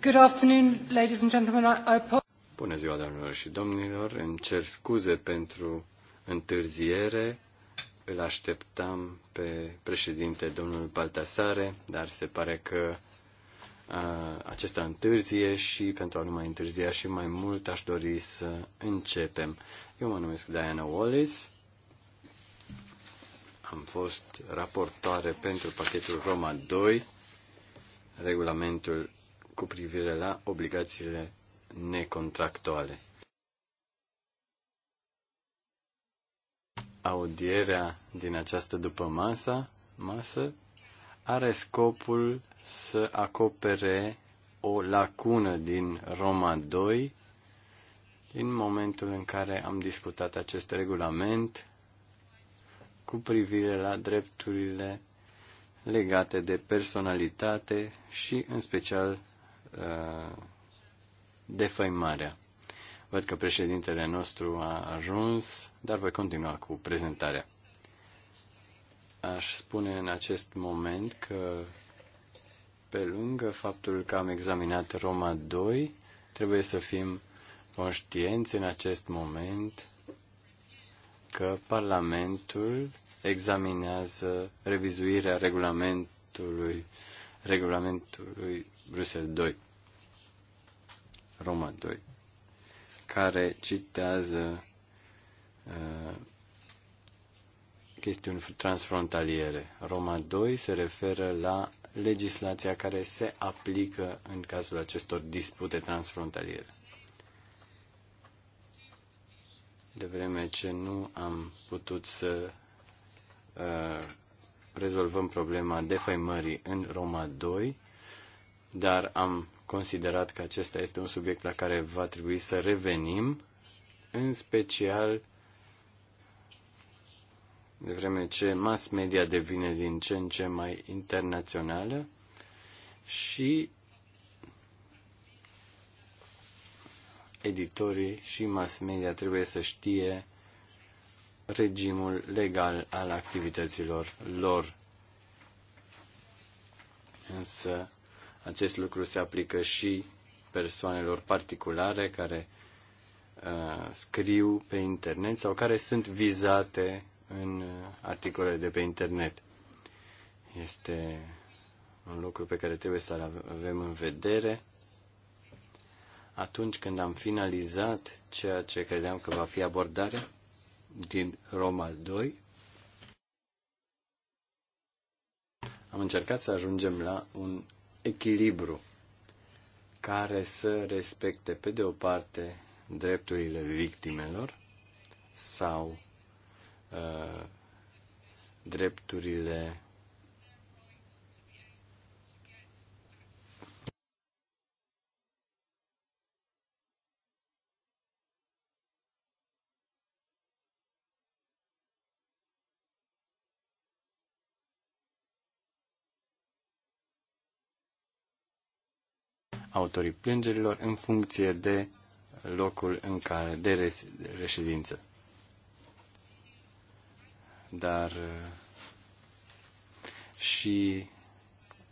Good afternoon, ladies and gentlemen. I... Bună ziua, doamnelor și domnilor. Îmi cer scuze pentru întârziere. Îl așteptam pe președinte, domnul Baltasare, dar se pare că a, acesta întârzie și pentru a nu mai întârzia și mai mult aș dori să începem. Eu mă numesc Diana Wallis. Am fost raportoare pentru pachetul Roma 2, regulamentul cu privire la obligațiile necontractuale. Audierea din această după masă masă are scopul să acopere o lacună din Roma 2 din momentul în care am discutat acest regulament cu privire la drepturile legate de personalitate și, în special, Uh, defăimarea. Văd că președintele nostru a ajuns, dar voi continua cu prezentarea. Aș spune în acest moment că, pe lângă faptul că am examinat Roma 2, trebuie să fim conștienți în acest moment că Parlamentul examinează revizuirea regulamentului regulamentului Brusel 2, Roma 2, care citează uh, chestiuni transfrontaliere. Roma 2 se referă la legislația care se aplică în cazul acestor dispute transfrontaliere. De vreme ce nu am putut să uh, rezolvăm problema defăimării în Roma 2, dar am considerat că acesta este un subiect la care va trebui să revenim, în special de vreme ce mass media devine din ce în ce mai internațională și editorii și mass media trebuie să știe regimul legal al activităților lor. Însă acest lucru se aplică și persoanelor particulare care uh, scriu pe internet sau care sunt vizate în uh, articole de pe internet. Este un lucru pe care trebuie să-l avem în vedere. Atunci când am finalizat ceea ce credeam că va fi abordarea din Roma 2, am încercat să ajungem la un echilibru care să respecte, pe de o parte, drepturile victimelor sau uh, drepturile autorii plângerilor în funcție de locul în care de reședință. Dar uh, și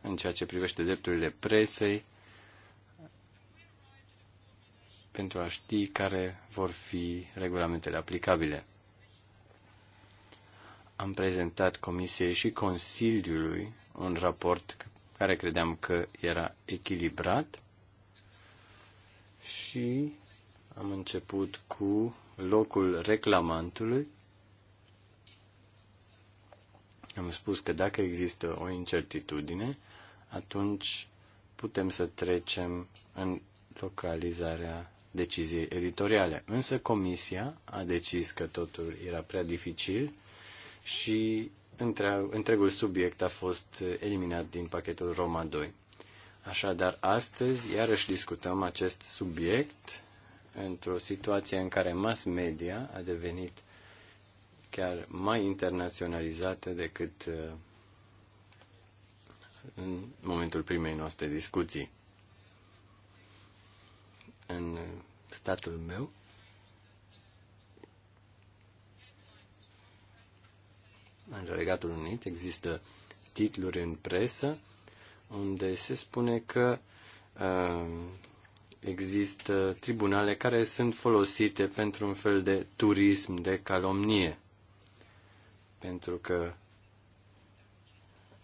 în ceea ce privește drepturile presei, pentru a ști care vor fi regulamentele aplicabile. Am prezentat Comisiei și Consiliului un raport care credeam că era echilibrat și am început cu locul reclamantului. Am spus că dacă există o incertitudine, atunci putem să trecem în localizarea deciziei editoriale. Însă comisia a decis că totul era prea dificil și întregul subiect a fost eliminat din pachetul Roma 2. Așadar, astăzi iarăși discutăm acest subiect într-o situație în care mass media a devenit chiar mai internaționalizată decât uh, în momentul primei noastre discuții. În statul meu, în Regatul Unit, există titluri în presă unde se spune că uh, există tribunale care sunt folosite pentru un fel de turism de calomnie. Pentru că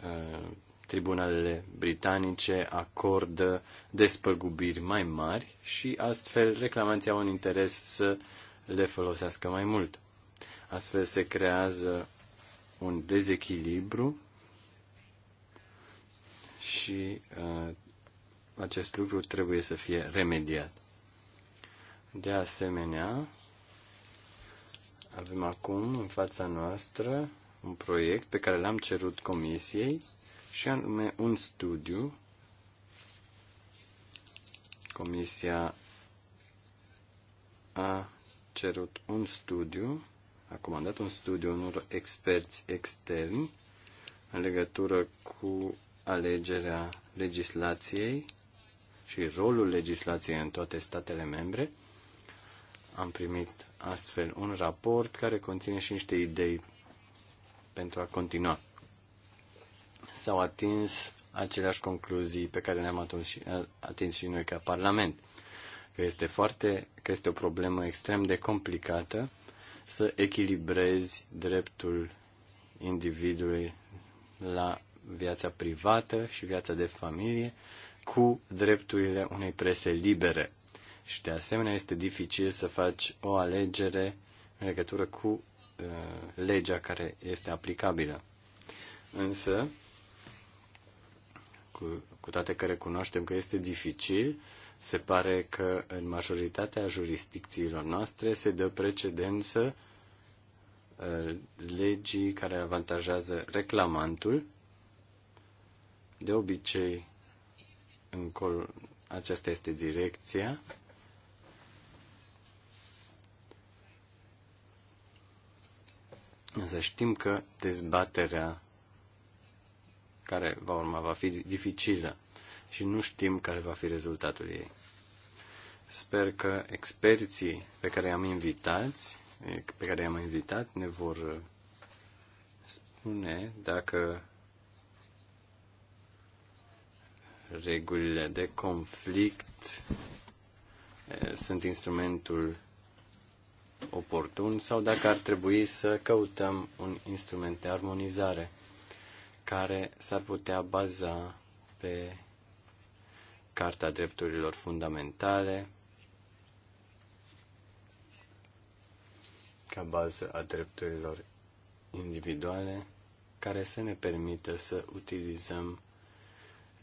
uh, tribunalele britanice acordă despăgubiri mai mari și astfel reclamanții au un interes să le folosească mai mult. Astfel se creează un dezechilibru și uh, acest lucru trebuie să fie remediat. De asemenea, avem acum în fața noastră un proiect pe care l-am cerut comisiei și anume un studiu. Comisia a cerut un studiu, a comandat un studiu unor experți externi în legătură cu alegerea legislației și rolul legislației în toate statele membre. Am primit astfel un raport care conține și niște idei pentru a continua. S-au atins aceleași concluzii pe care le-am atins și noi ca Parlament, că este, foarte, că este o problemă extrem de complicată să echilibrezi dreptul individului la viața privată și viața de familie cu drepturile unei prese libere. Și de asemenea este dificil să faci o alegere în legătură cu uh, legea care este aplicabilă. Însă, cu, cu toate că recunoaștem că este dificil, se pare că în majoritatea jurisdicțiilor noastre se dă precedență uh, legii care avantajează reclamantul de obicei, col- aceasta este direcția. Însă știm că dezbaterea care va urma va fi dificilă și nu știm care va fi rezultatul ei. Sper că experții pe care i-am invitați, pe care i-am invitat, ne vor spune dacă Regulile de conflict eh, sunt instrumentul oportun sau dacă ar trebui să căutăm un instrument de armonizare care s-ar putea baza pe Carta Drepturilor Fundamentale ca bază a drepturilor individuale care să ne permită să utilizăm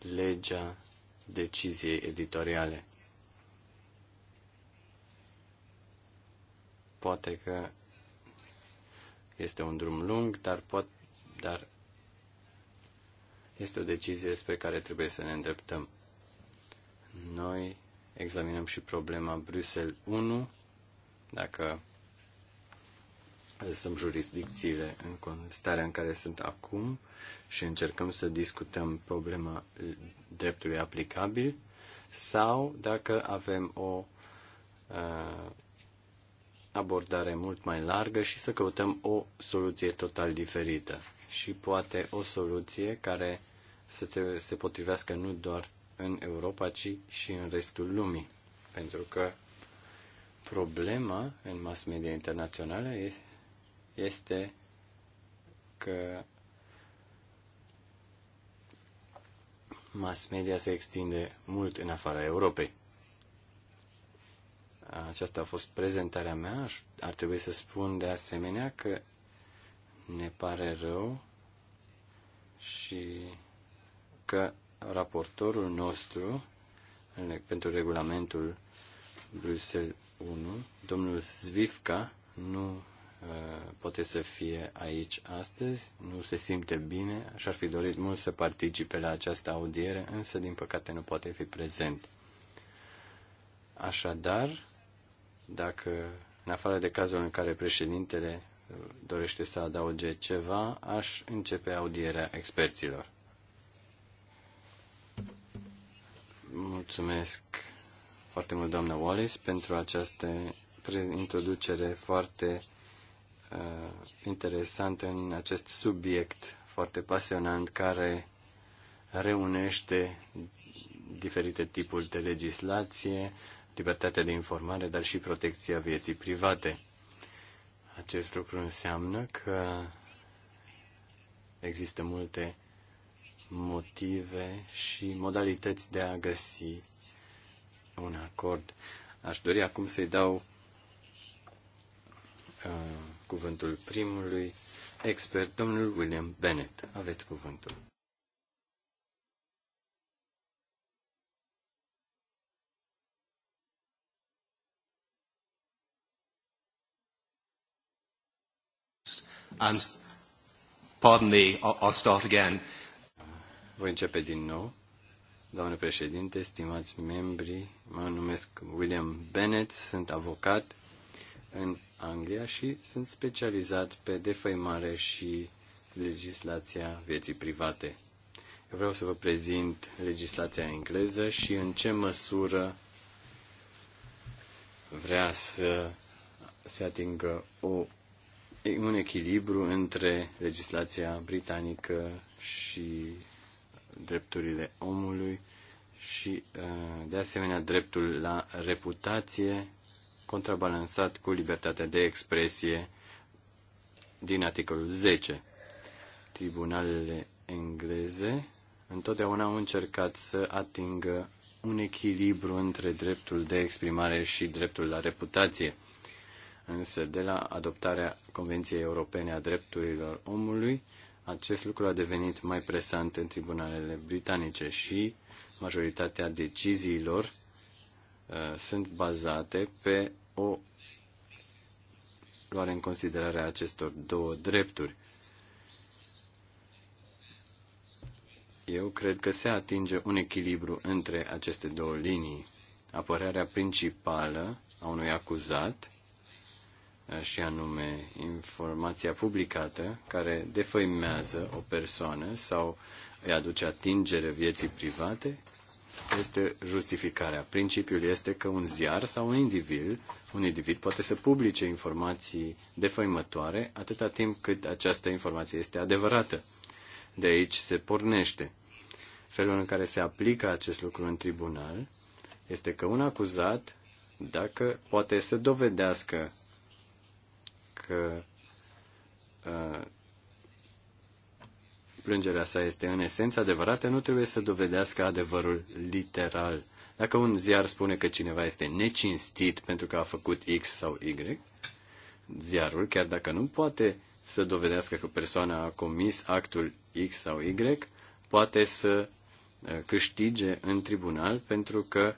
legea deciziei editoriale. Poate că este un drum lung, dar, pot, dar este o decizie spre care trebuie să ne îndreptăm. Noi examinăm și problema Bruxelles 1, dacă lăsăm jurisdicțiile în starea în care sunt acum și încercăm să discutăm problema dreptului aplicabil sau dacă avem o uh, abordare mult mai largă și să căutăm o soluție total diferită și poate o soluție care să te, se potrivească nu doar în Europa, ci și în restul lumii. Pentru că problema în mass media internațională este că mass media se extinde mult în afara Europei. Aceasta a fost prezentarea mea. Ar trebui să spun de asemenea că ne pare rău și că raportorul nostru pentru regulamentul Bruxelles 1, domnul Zvivka, nu Eh, poate să fie aici astăzi, nu se simte bine și ar fi dorit mult să participe la această audiere, însă din păcate nu poate fi prezent. Așadar, dacă în afară de cazul în care președintele eh, dorește să adauge ceva, aș începe audierea experților. Mulțumesc foarte mult, doamnă Wallace, pentru această introducere foarte Uh, interesant în acest subiect foarte pasionant care reunește diferite tipuri de legislație, libertatea de informare, dar și protecția vieții private. Acest lucru înseamnă că există multe motive și modalități de a găsi un acord. Aș dori acum să-i dau uh, cuvântul primului expert, domnul William Bennett. Aveți cuvântul. And pardon me, I'll start again. Voi începe din nou. Doamne președinte, stimați membri, mă numesc William Bennett, sunt avocat în Anglia și sunt specializat pe defăimare și legislația vieții private. Eu vreau să vă prezint legislația engleză și în ce măsură vrea să se atingă o, un echilibru între legislația britanică și drepturile omului și, uh, de asemenea, dreptul la reputație contrabalansat cu libertatea de expresie din articolul 10. Tribunalele engleze întotdeauna au încercat să atingă un echilibru între dreptul de exprimare și dreptul la reputație. Însă, de la adoptarea Convenției Europene a Drepturilor Omului, acest lucru a devenit mai presant în tribunalele britanice și majoritatea deciziilor uh, sunt bazate pe o luare în considerare a acestor două drepturi. Eu cred că se atinge un echilibru între aceste două linii. Apărarea principală a unui acuzat, eh, și anume informația publicată care defăimează o persoană sau îi aduce atingere vieții private, este justificarea. Principiul este că un ziar sau un individ un individ poate să publice informații defăimătoare atâta timp cât această informație este adevărată. De aici se pornește. Felul în care se aplică acest lucru în tribunal este că un acuzat, dacă poate să dovedească că uh, plângerea sa este în esență adevărată, nu trebuie să dovedească adevărul literal. Dacă un ziar spune că cineva este necinstit pentru că a făcut X sau Y, ziarul, chiar dacă nu poate să dovedească că persoana a comis actul X sau Y, poate să uh, câștige în tribunal pentru că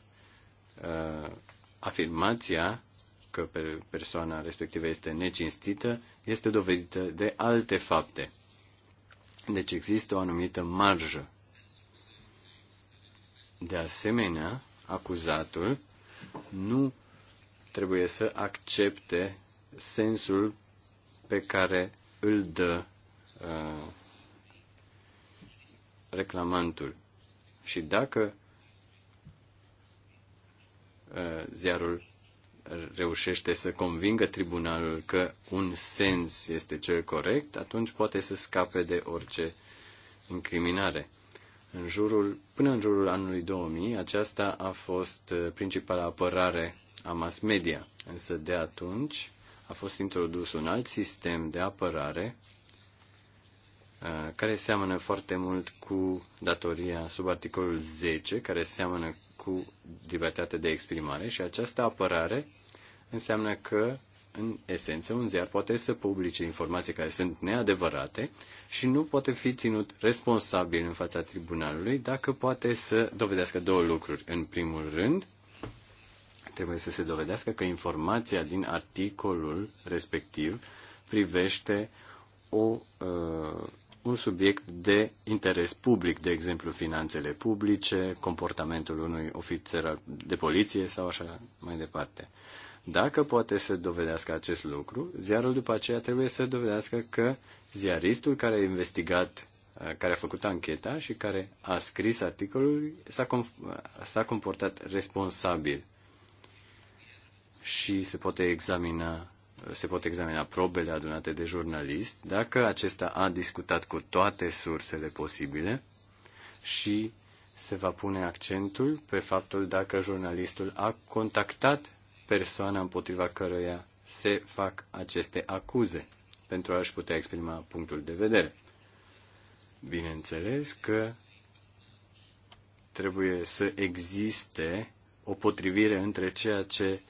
uh, afirmația că persoana respectivă este necinstită este dovedită de alte fapte. Deci există o anumită marjă. De asemenea, acuzatul nu trebuie să accepte sensul pe care îl dă uh, reclamantul. Și dacă uh, ziarul reușește să convingă tribunalul că un sens este cel corect, atunci poate să scape de orice incriminare. În jurul, până în jurul anului 2000, aceasta a fost uh, principala apărare a mass media. Însă de atunci a fost introdus un alt sistem de apărare uh, care seamănă foarte mult cu datoria sub articolul 10, care seamănă cu libertatea de exprimare și această apărare înseamnă că în esență, un ziar poate să publice informații care sunt neadevărate și nu poate fi ținut responsabil în fața tribunalului dacă poate să dovedească două lucruri. În primul rând, trebuie să se dovedească că informația din articolul respectiv privește o, uh, un subiect de interes public, de exemplu finanțele publice, comportamentul unui ofițer de poliție sau așa mai departe. Uh, dacă poate să dovedească acest lucru, ziarul după aceea trebuie să dovedească că ziaristul care a investigat, care a făcut ancheta și care a scris articolul s-a, com- comportat responsabil. Și se poate examina se pot examina probele adunate de jurnalist, dacă acesta a discutat cu toate sursele posibile și se va pune accentul pe faptul dacă jurnalistul a contactat persoana împotriva căruia se fac aceste acuze pentru a-și putea exprima punctul de vedere. Bineînțeles că trebuie să existe o potrivire între ceea ce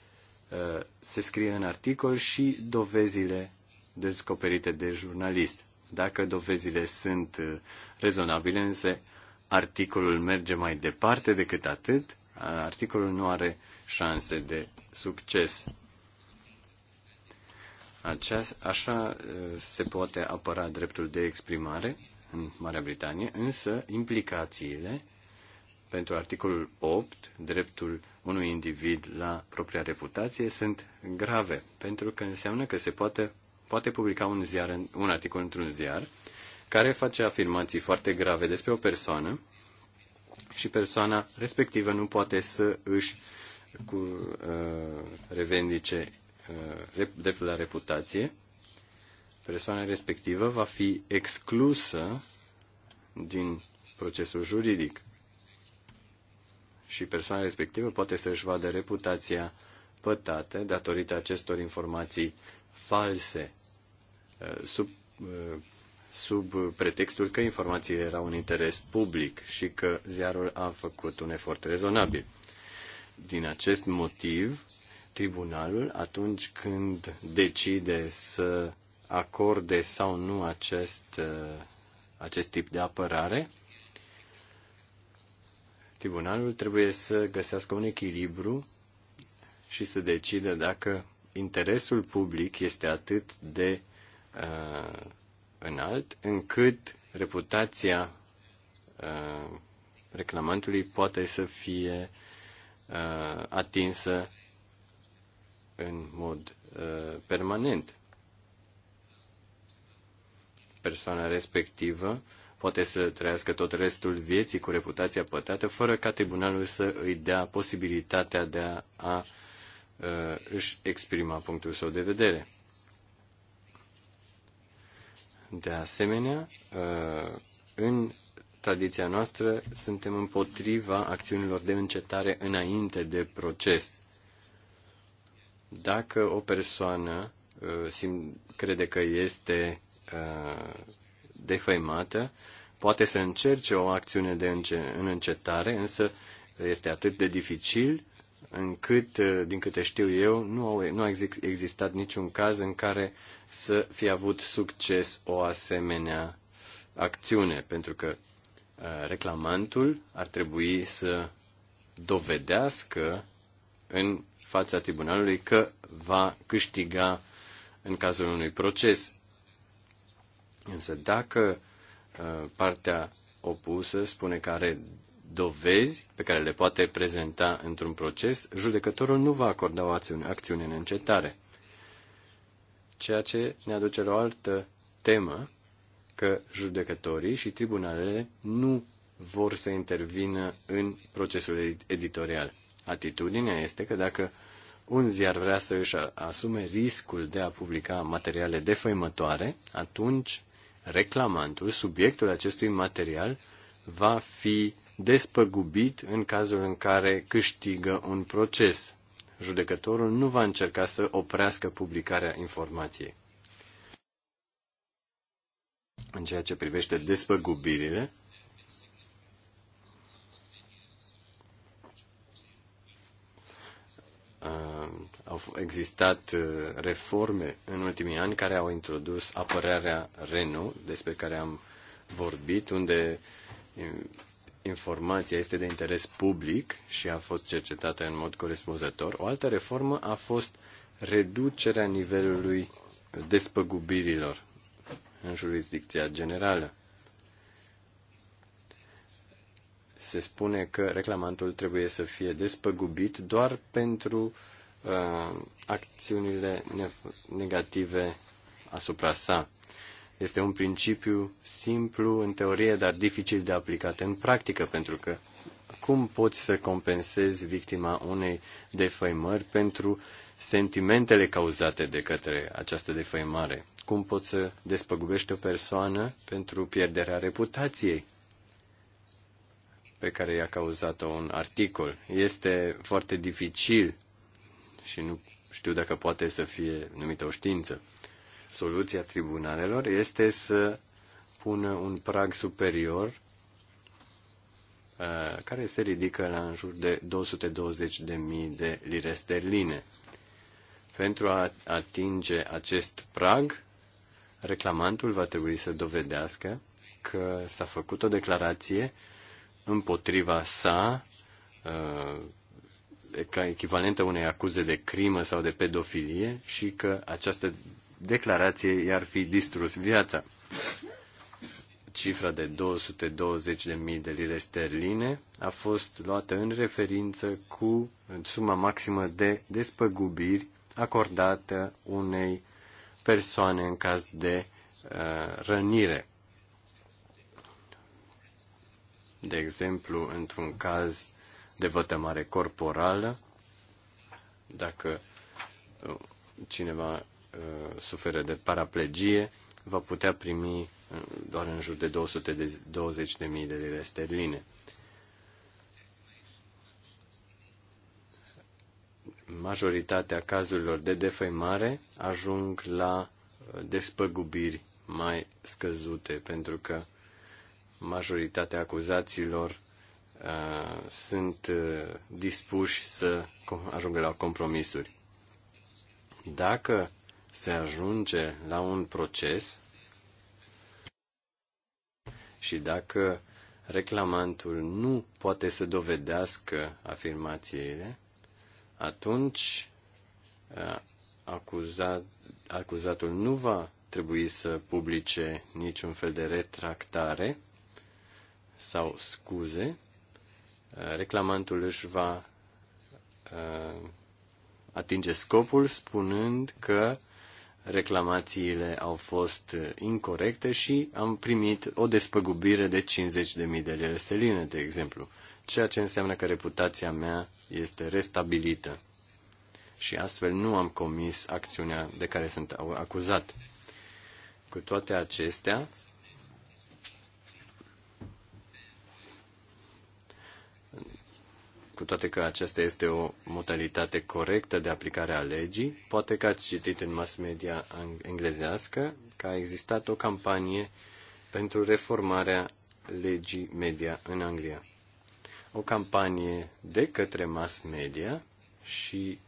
uh, se scrie în articol și dovezile descoperite de jurnalist. Dacă dovezile sunt uh, rezonabile, însă articolul merge mai departe decât atât, articolul nu are șanse de succes. așa se poate apăra dreptul de exprimare în Marea Britanie, însă implicațiile pentru articolul 8, dreptul unui individ la propria reputație, sunt grave, pentru că înseamnă că se poate, poate publica un, ziar, un articol într-un ziar care face afirmații foarte grave despre o persoană și persoana respectivă nu poate să își cu, uh, revendice uh, dreptul la reputație. Persoana respectivă va fi exclusă din procesul juridic și persoana respectivă poate să-și vadă reputația pătată datorită acestor informații false. Uh, sub uh, sub pretextul că informațiile erau un interes public și că ziarul a făcut un efort rezonabil. Din acest motiv, tribunalul, atunci când decide să acorde sau nu acest, uh, acest tip de apărare, tribunalul trebuie să găsească un echilibru și să decide dacă interesul public este atât de uh, înalt, încât reputația uh, reclamantului poate să fie uh, atinsă în mod uh, permanent. Persoana respectivă poate să trăiască tot restul vieții cu reputația pătată, fără ca tribunalul să îi dea posibilitatea de a, a își exprima punctul său de vedere. De asemenea, uh, în tradiția noastră suntem împotriva acțiunilor de încetare înainte de proces. Dacă o persoană uh, sim, crede că este uh, defăimată, poate să încerce o acțiune de înce- în încetare, însă este atât de dificil încât, uh, din câte știu eu, nu, nu a existat niciun caz în care să fi avut succes o asemenea acțiune, pentru că uh, reclamantul ar trebui să dovedească în fața tribunalului că va câștiga în cazul unui proces. Însă dacă uh, partea opusă spune că are dovezi pe care le poate prezenta într-un proces, judecătorul nu va acorda o acțiune, acțiune în încetare. Ceea ce ne aduce la o altă temă, că judecătorii și tribunalele nu vor să intervină în procesul editorial. Atitudinea este că dacă un ziar vrea să își asume riscul de a publica materiale defăimătoare, atunci reclamantul, subiectul acestui material, va fi despăgubit în cazul în care câștigă un proces. Judecătorul nu va încerca să oprească publicarea informației. În ceea ce privește despăgubirile, uh, au existat uh, reforme în ultimii ani care au introdus apărarea Renault, despre care am vorbit, unde uh, informația este de interes public și a fost cercetată în mod corespunzător. O altă reformă a fost reducerea nivelului despăgubirilor în jurisdicția generală. Se spune că reclamantul trebuie să fie despăgubit doar pentru uh, acțiunile negative asupra sa. Este un principiu simplu în teorie, dar dificil de aplicat în practică, pentru că cum poți să compensezi victima unei defăimări pentru sentimentele cauzate de către această defăimare? Cum poți să despăgubești o persoană pentru pierderea reputației pe care i-a cauzat-o un articol? Este foarte dificil și nu știu dacă poate să fie numită o știință soluția tribunalelor este să pună un prag superior uh, care se ridică la în jur de 220.000 de lire sterline. Pentru a atinge acest prag, reclamantul va trebui să dovedească că s-a făcut o declarație împotriva sa, uh, echivalentă unei acuze de crimă sau de pedofilie, și că această declarației i-ar fi distrus viața. Cifra de 220.000 de lire sterline a fost luată în referință cu suma maximă de despăgubiri acordată unei persoane în caz de uh, rănire. De exemplu, într-un caz de vătămare corporală, dacă uh, cineva Uh, suferă de paraplegie va putea primi uh, doar în jur de 220.000 de lire sterline. Majoritatea cazurilor de defăimare ajung la uh, despăgubiri mai scăzute, pentru că majoritatea acuzaților uh, sunt uh, dispuși să ajungă la compromisuri. Dacă se ajunge la un proces și dacă reclamantul nu poate să dovedească afirmațiile, atunci acuzat, acuzatul nu va trebui să publice niciun fel de retractare sau scuze. Reclamantul își va atinge scopul spunând că reclamațiile au fost uh, incorrecte și am primit o despăgubire de 50.000 de lire steline, de exemplu, ceea ce înseamnă că reputația mea este restabilită și astfel nu am comis acțiunea de care sunt acuzat. Cu toate acestea, Cu toate că aceasta este o modalitate corectă de aplicare a legii, poate că ați citit în mass media englezească că a existat o campanie pentru reformarea legii media în Anglia. O campanie de către mass media și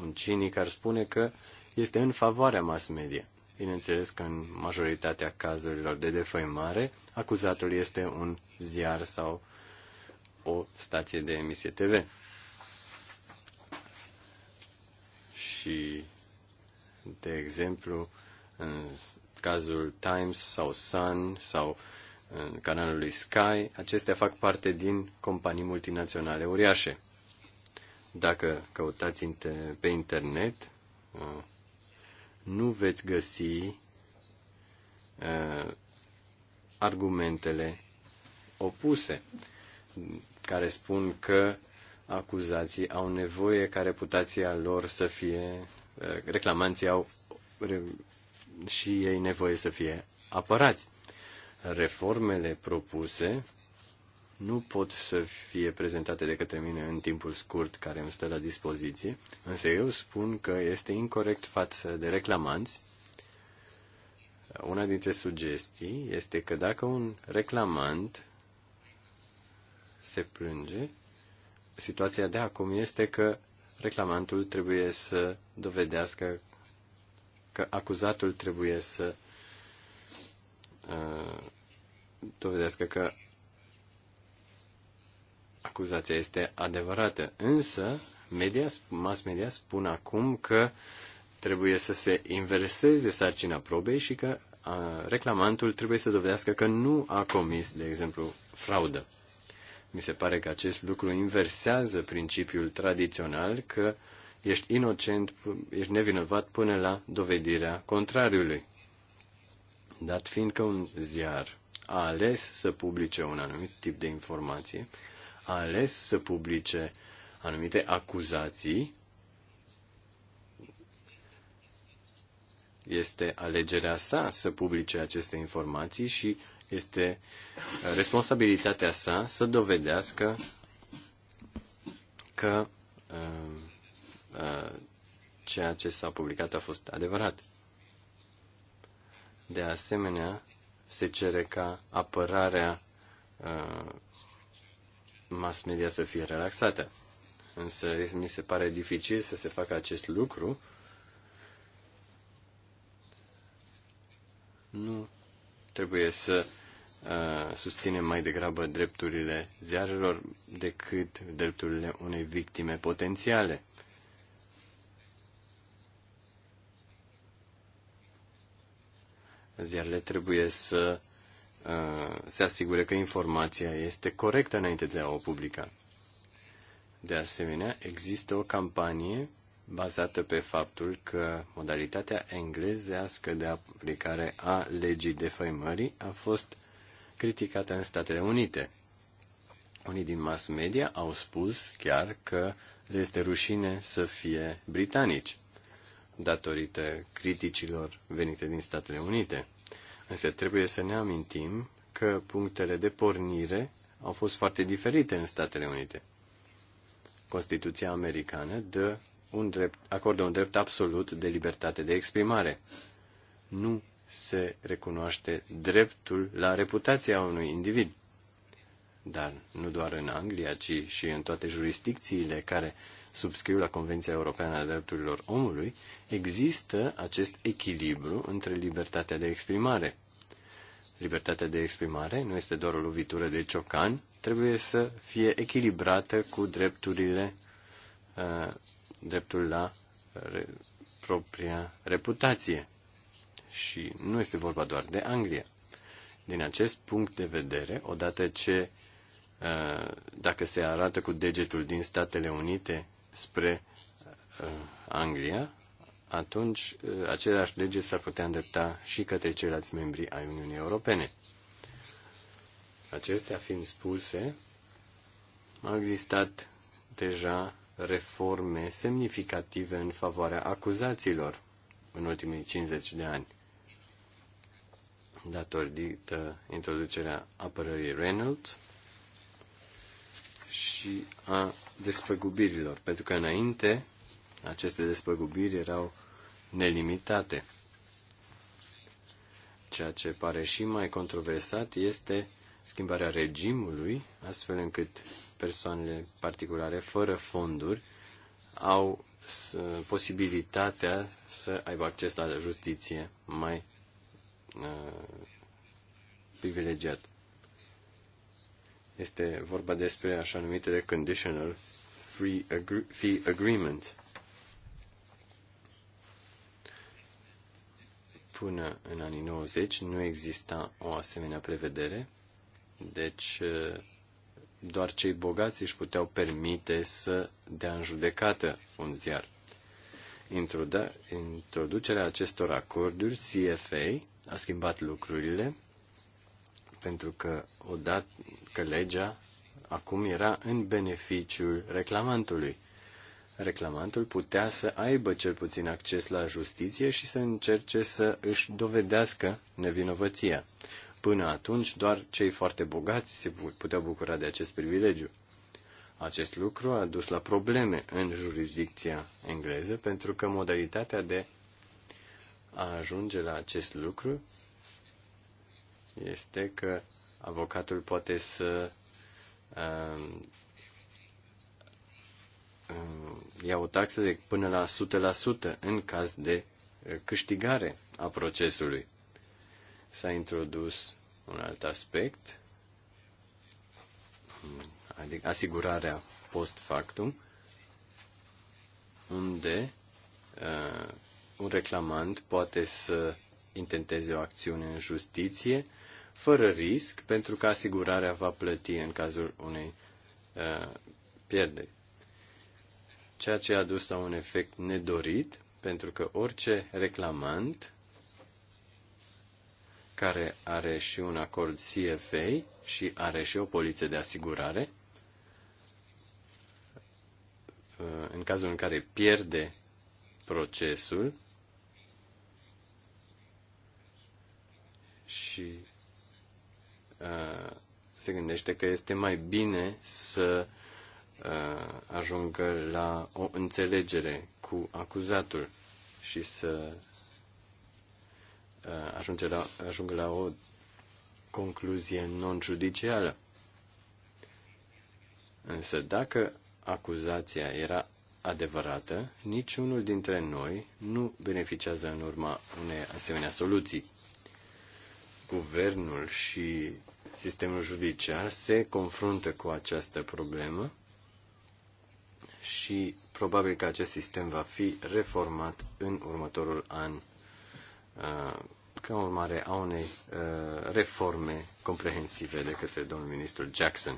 un cinic ar spune că este în favoarea mass media. Bineînțeles că în majoritatea cazurilor de defăimare, acuzatul este un ziar sau o stație de emisie TV. Și, de exemplu, în cazul Times sau Sun sau în canalului Sky, acestea fac parte din companii multinaționale uriașe. Dacă căutați pe internet, uh, nu veți găsi uh, argumentele opuse care spun că acuzații au nevoie ca reputația lor să fie, uh, reclamanții au și ei nevoie să fie apărați. Reformele propuse nu pot să fie prezentate de către mine în timpul scurt care îmi stă la dispoziție, însă eu spun că este incorrect față de reclamanți. Una dintre sugestii este că dacă un reclamant se plânge, situația de acum este că reclamantul trebuie să dovedească că acuzatul trebuie să uh, dovedească că acuzația este adevărată. Însă, media, mass media spun acum că trebuie să se inverseze sarcina probei și că uh, reclamantul trebuie să dovedească că nu a comis, de exemplu, fraudă. Mi se pare că acest lucru inversează principiul tradițional că ești inocent, ești nevinovat până la dovedirea contrariului. Dat fiind că un ziar a ales să publice un anumit tip de informație, a ales să publice anumite acuzații, este alegerea sa să publice aceste informații și este uh, responsabilitatea sa să dovedească că uh, uh, ceea ce s-a publicat a fost adevărat. De asemenea, se cere ca apărarea uh, mass media să fie relaxată. Însă mi se pare dificil să se facă acest lucru. Nu Trebuie să uh, susținem mai degrabă drepturile ziarelor decât drepturile unei victime potențiale. Ziarele trebuie să uh, se asigure că informația este corectă înainte de a o publica. De asemenea, există o campanie bazată pe faptul că modalitatea englezească de aplicare a legii defăimării a fost criticată în Statele Unite. Unii din mass media au spus chiar că le este rușine să fie britanici, datorită criticilor venite din Statele Unite. Însă trebuie să ne amintim că punctele de pornire au fost foarte diferite în Statele Unite. Constituția americană dă un drept, acordă un drept absolut de libertate de exprimare. Nu se recunoaște dreptul la reputația unui individ. Dar nu doar în Anglia, ci și în toate jurisdicțiile care subscriu la Convenția Europeană a Drepturilor Omului, există acest echilibru între libertatea de exprimare. Libertatea de exprimare nu este doar o lovitură de ciocan, trebuie să fie echilibrată cu drepturile uh, dreptul la re, propria reputație. Și nu este vorba doar de Anglia. Din acest punct de vedere, odată ce uh, dacă se arată cu degetul din Statele Unite spre uh, Anglia, atunci uh, același lege s-ar putea îndrepta și către ceilalți membri ai Uniunii Europene. Acestea fiind spuse, au existat deja reforme semnificative în favoarea acuzaților în ultimii 50 de ani. Datorită introducerea apărării Reynolds și a despăgubirilor, pentru că înainte aceste despăgubiri erau nelimitate. Ceea ce pare și mai controversat este schimbarea regimului, astfel încât persoanele particulare fără fonduri au posibilitatea să aibă acces la justiție mai uh, privilegiat. Este vorba despre așa numitele conditional free agree- fee agreement. Până în anii 90 nu exista o asemenea prevedere, deci uh, doar cei bogați își puteau permite să dea în judecată un ziar. Introducerea acestor acorduri CFA a schimbat lucrurile pentru că odată că legea acum era în beneficiul reclamantului. Reclamantul putea să aibă cel puțin acces la justiție și să încerce să își dovedească nevinovăția. Până atunci, doar cei foarte bogați se puteau bucura de acest privilegiu. Acest lucru a dus la probleme în jurisdicția engleză, pentru că modalitatea de a ajunge la acest lucru este că avocatul poate să um, um ia o taxă de până la 100% în caz de uh, câștigare a procesului. S-a introdus un alt aspect, adică asigurarea post factum, unde uh, un reclamant poate să intenteze o acțiune în justiție fără risc, pentru că asigurarea va plăti în cazul unei uh, pierderi. Ceea ce a dus la un efect nedorit, pentru că orice reclamant care are și un acord CFA și are și o poliță de asigurare, în cazul în care pierde procesul și uh, se gândește că este mai bine să uh, ajungă la o înțelegere cu acuzatul și să Uh, ajunge la, ajunge la o concluzie non-judicială. Însă dacă acuzația era adevărată, niciunul dintre noi nu beneficiază în urma unei asemenea soluții. Guvernul și sistemul judiciar se confruntă cu această problemă și probabil că acest sistem va fi reformat în următorul an Uh, ca urmare a unei uh, reforme comprehensive de către domnul ministru Jackson.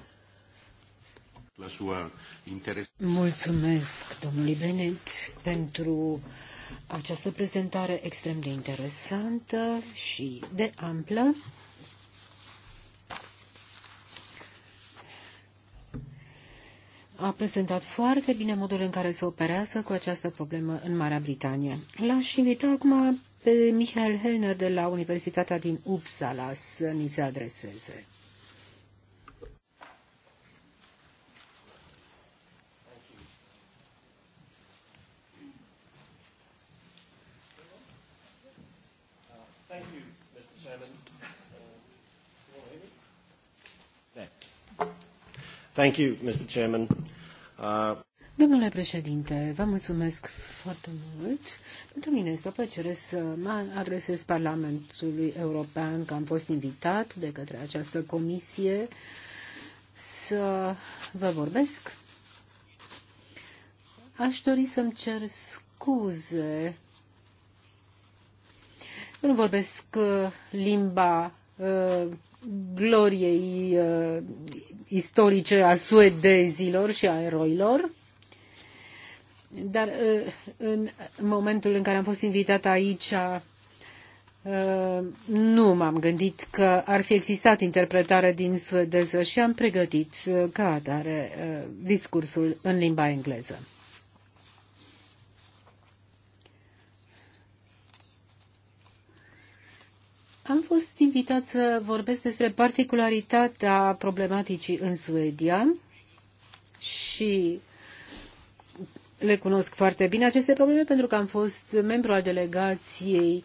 La sua interes... Mulțumesc, domnului Bennett, pentru această prezentare extrem de interesantă și de amplă. a prezentat foarte bine modul în care se operează cu această problemă în Marea Britanie. L-aș invita acum pe Michael Helner de la Universitatea din Uppsala să ni se adreseze. Thank you, Mr. Chairman. Uh... Domnule președinte, vă mulțumesc foarte mult. Pentru mine este o plăcere să mă adresez Parlamentului European, că am fost invitat de către această comisie să vă vorbesc. Aș dori să-mi cer scuze. Nu vorbesc uh, limba uh, gloriei uh, istorice a suedezilor și a eroilor, dar uh, în momentul în care am fost invitat aici, uh, nu m-am gândit că ar fi existat interpretare din suedeză și am pregătit uh, ca atare discursul în limba engleză. Am fost invitat să vorbesc despre particularitatea problematicii în Suedia și le cunosc foarte bine aceste probleme pentru că am fost membru al delegației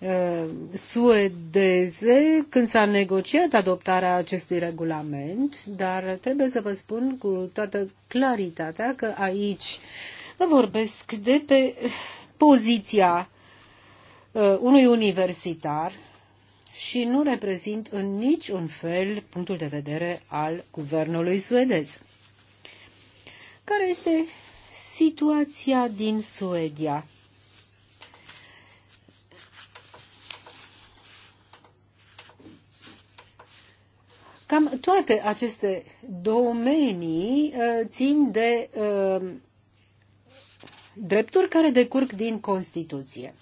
uh, suedeze când s-a negociat adoptarea acestui regulament, dar trebuie să vă spun cu toată claritatea că aici vă vorbesc de pe poziția uh, unui universitar și nu reprezint în niciun fel punctul de vedere al guvernului suedez care este situația din Suedia. Cam toate aceste domenii uh, țin de uh, drepturi care decurg din Constituție.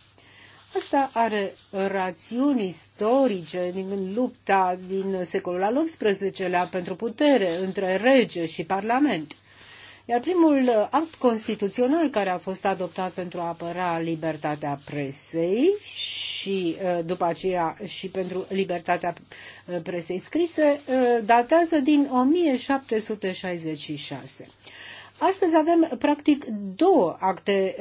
Asta are rațiuni istorice din lupta din secolul al XVIII-lea pentru putere între rege și parlament. Iar primul uh, act constituțional care a fost adoptat pentru a apăra libertatea presei și uh, după aceea și pentru libertatea uh, presei scrise datează din 1766. Astăzi avem practic două acte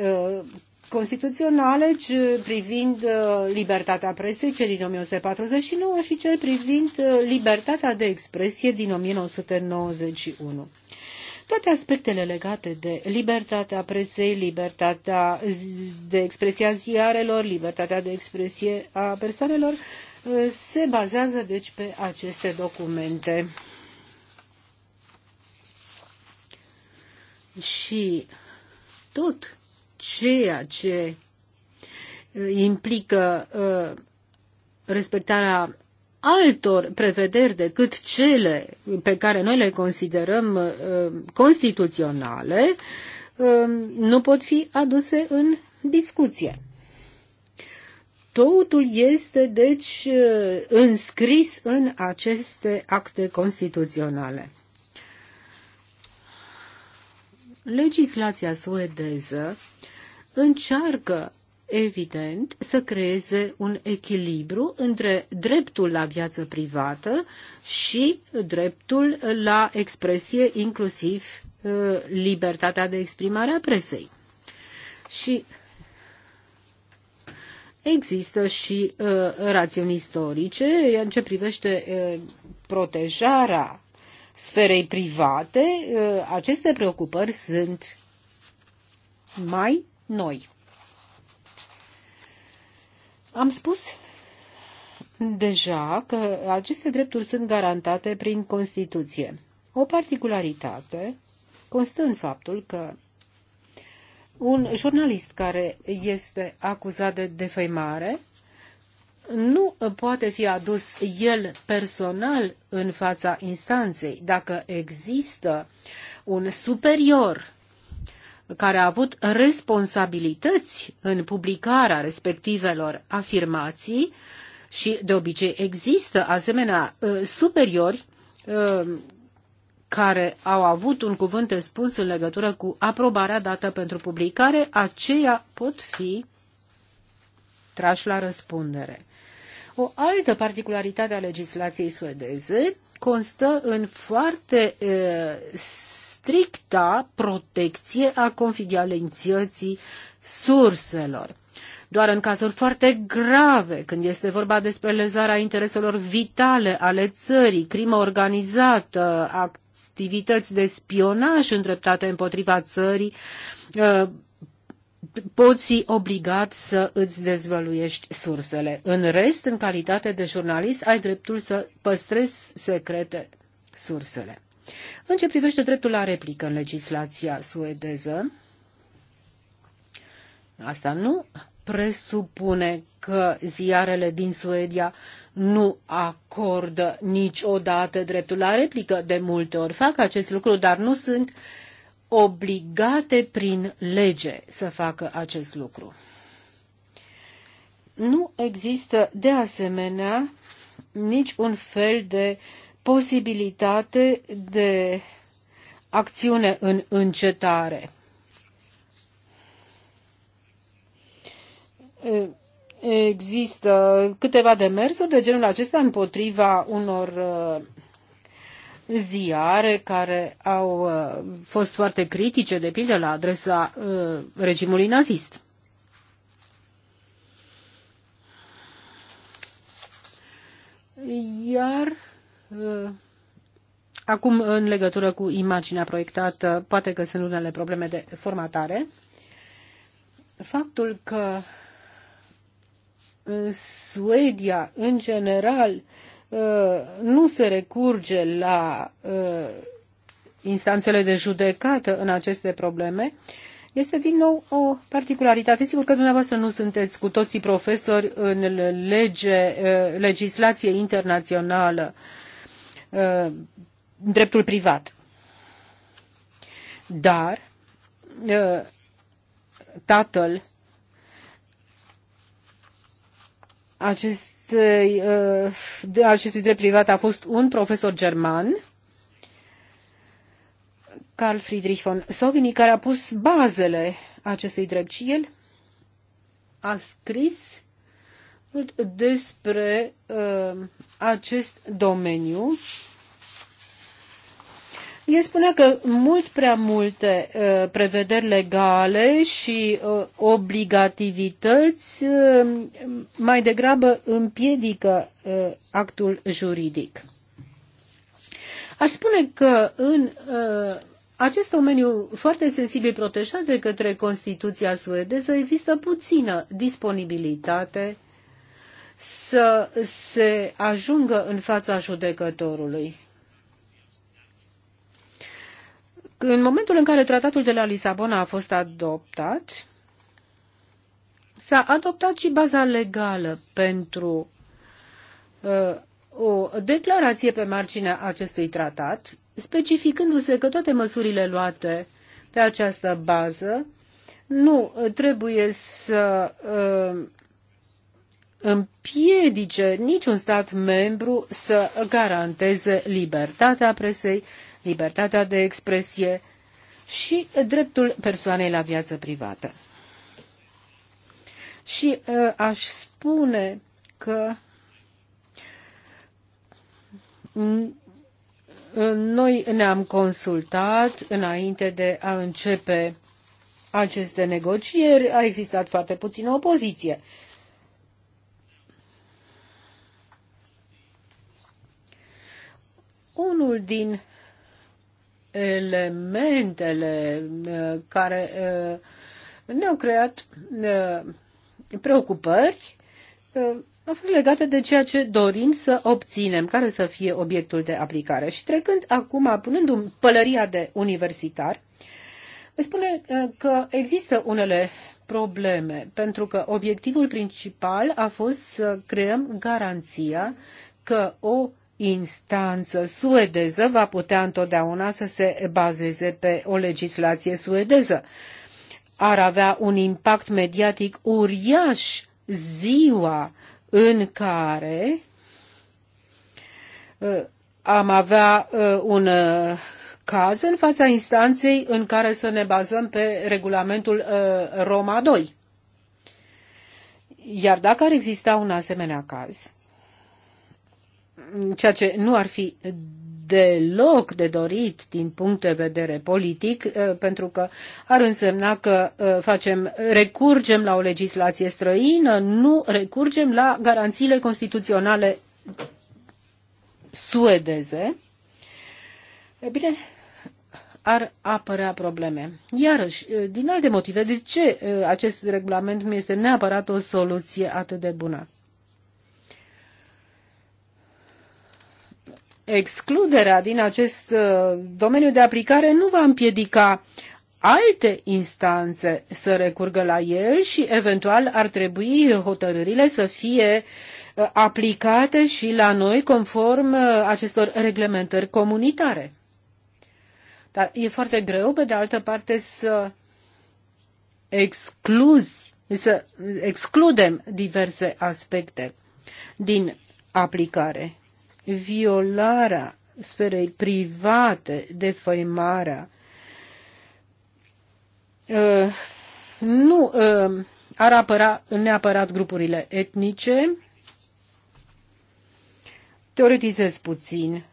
constituționale privind libertatea presei, cel din 1949 și cel privind libertatea de expresie din 1991 toate aspectele legate de libertatea presei, libertatea de expresie a ziarelor, libertatea de expresie a persoanelor, uh, se bazează deci pe aceste documente. Și tot ceea ce uh, implică uh, respectarea altor prevederi decât cele pe care noi le considerăm uh, constituționale um, nu pot fi aduse în discuție. Totul este, deci, uh, înscris în aceste acte constituționale. Legislația suedeză încearcă evident, să creeze un echilibru între dreptul la viață privată și dreptul la expresie, inclusiv uh, libertatea de exprimare a presei. Și există și uh, rațiuni istorice în ce privește uh, protejarea sferei private, aceste preocupări sunt mai noi. Am spus deja că aceste drepturi sunt garantate prin Constituție. O particularitate constă în faptul că un jurnalist care este acuzat de defăimare nu poate fi adus el personal în fața instanței dacă există un superior care a avut responsabilități în publicarea respectivelor afirmații și de obicei există asemenea uh, superiori uh, care au avut un cuvânt de spus în legătură cu aprobarea dată pentru publicare, aceia pot fi trași la răspundere. O altă particularitate a legislației suedeze constă în foarte stricta protecție a confidențialității surselor. Doar în cazuri foarte grave, când este vorba despre lezarea intereselor vitale ale țării, crimă organizată, activități de spionaj îndreptate împotriva țării, poți fi obligat să îți dezvăluiești sursele. În rest, în calitate de jurnalist, ai dreptul să păstrezi secrete sursele. În ce privește dreptul la replică în legislația suedeză, asta nu presupune că ziarele din Suedia nu acordă niciodată dreptul la replică. De multe ori fac acest lucru, dar nu sunt uh, obligate prin lege să facă acest lucru. Nu există, de asemenea, nici un fel de posibilitate de acțiune în încetare. Există câteva demersuri de genul acesta împotriva unor ziare care au uh, fost foarte critice, de pildă, la adresa uh, regimului nazist. Iar uh, acum, în legătură cu imaginea proiectată, poate că sunt unele probleme de formatare. Faptul că Suedia, în general, Uh, nu se recurge la uh, instanțele de judecată în aceste probleme, este din nou o particularitate. Sigur că dumneavoastră nu sunteți cu toții profesori în lege, uh, legislație internațională, dreptul privat. Dar tatăl acest Uh, de acestui drept privat a fost un profesor german, Carl Friedrich von Sogini, care a pus bazele acestui drept și el a scris despre uh, acest domeniu el spunea că mult prea multe uh, prevederi legale și uh, obligativități uh, mai degrabă împiedică uh, actul juridic. Aș spune că în uh, acest domeniu foarte sensibil protejat de către Constituția suedeză există puțină disponibilitate să se ajungă în fața judecătorului. În momentul în care tratatul de la Lisabona a fost adoptat, s-a adoptat și baza legală pentru uh, o declarație pe marginea acestui tratat, specificându-se că toate măsurile luate pe această bază nu trebuie să uh, împiedice niciun stat membru să garanteze libertatea presei, libertatea de expresie și dreptul persoanei la viață privată. Și uh, aș spune că mm, noi ne-am consultat înainte de a începe aceste negocieri. A existat foarte puțină opoziție. Unul din elementele uh, care uh, ne-au creat uh, preocupări au fost legate de ceea ce dorim să obținem, care să fie obiectul de aplicare. Și trecând acum, punându-mi pălăria de universitar, îmi spune că există unele probleme, pentru că obiectivul principal a fost să creăm garanția că o instanță suedeză va putea întotdeauna să se bazeze pe o legislație suedeză. Ar avea un impact mediatic uriaș ziua în care uh, am avea uh, un uh, caz în fața instanței în care să ne bazăm pe regulamentul uh, Roma 2. Iar dacă ar exista un asemenea caz, ceea ce nu ar fi deloc de dorit din punct de vedere politic, uh, pentru că ar însemna că uh, facem, recurgem la o legislație străină, nu recurgem la garanțiile constituționale suedeze. E bine, ar apărea probleme. Iarăși, uh, din alte motive, de ce acest regulament nu este neapărat o soluție atât de bună? excluderea din acest uh, domeniu de aplicare nu va împiedica alte instanțe să recurgă la el și eventual ar trebui hotărârile să fie uh, aplicate și la noi conform uh, acestor reglementări comunitare. Dar e foarte greu, pe de altă parte, să excluzi, să excludem diverse aspecte din aplicare violarea sferei private, de făimarea uh, nu uh, ar apăra neapărat grupurile etnice. Teoretizez puțin.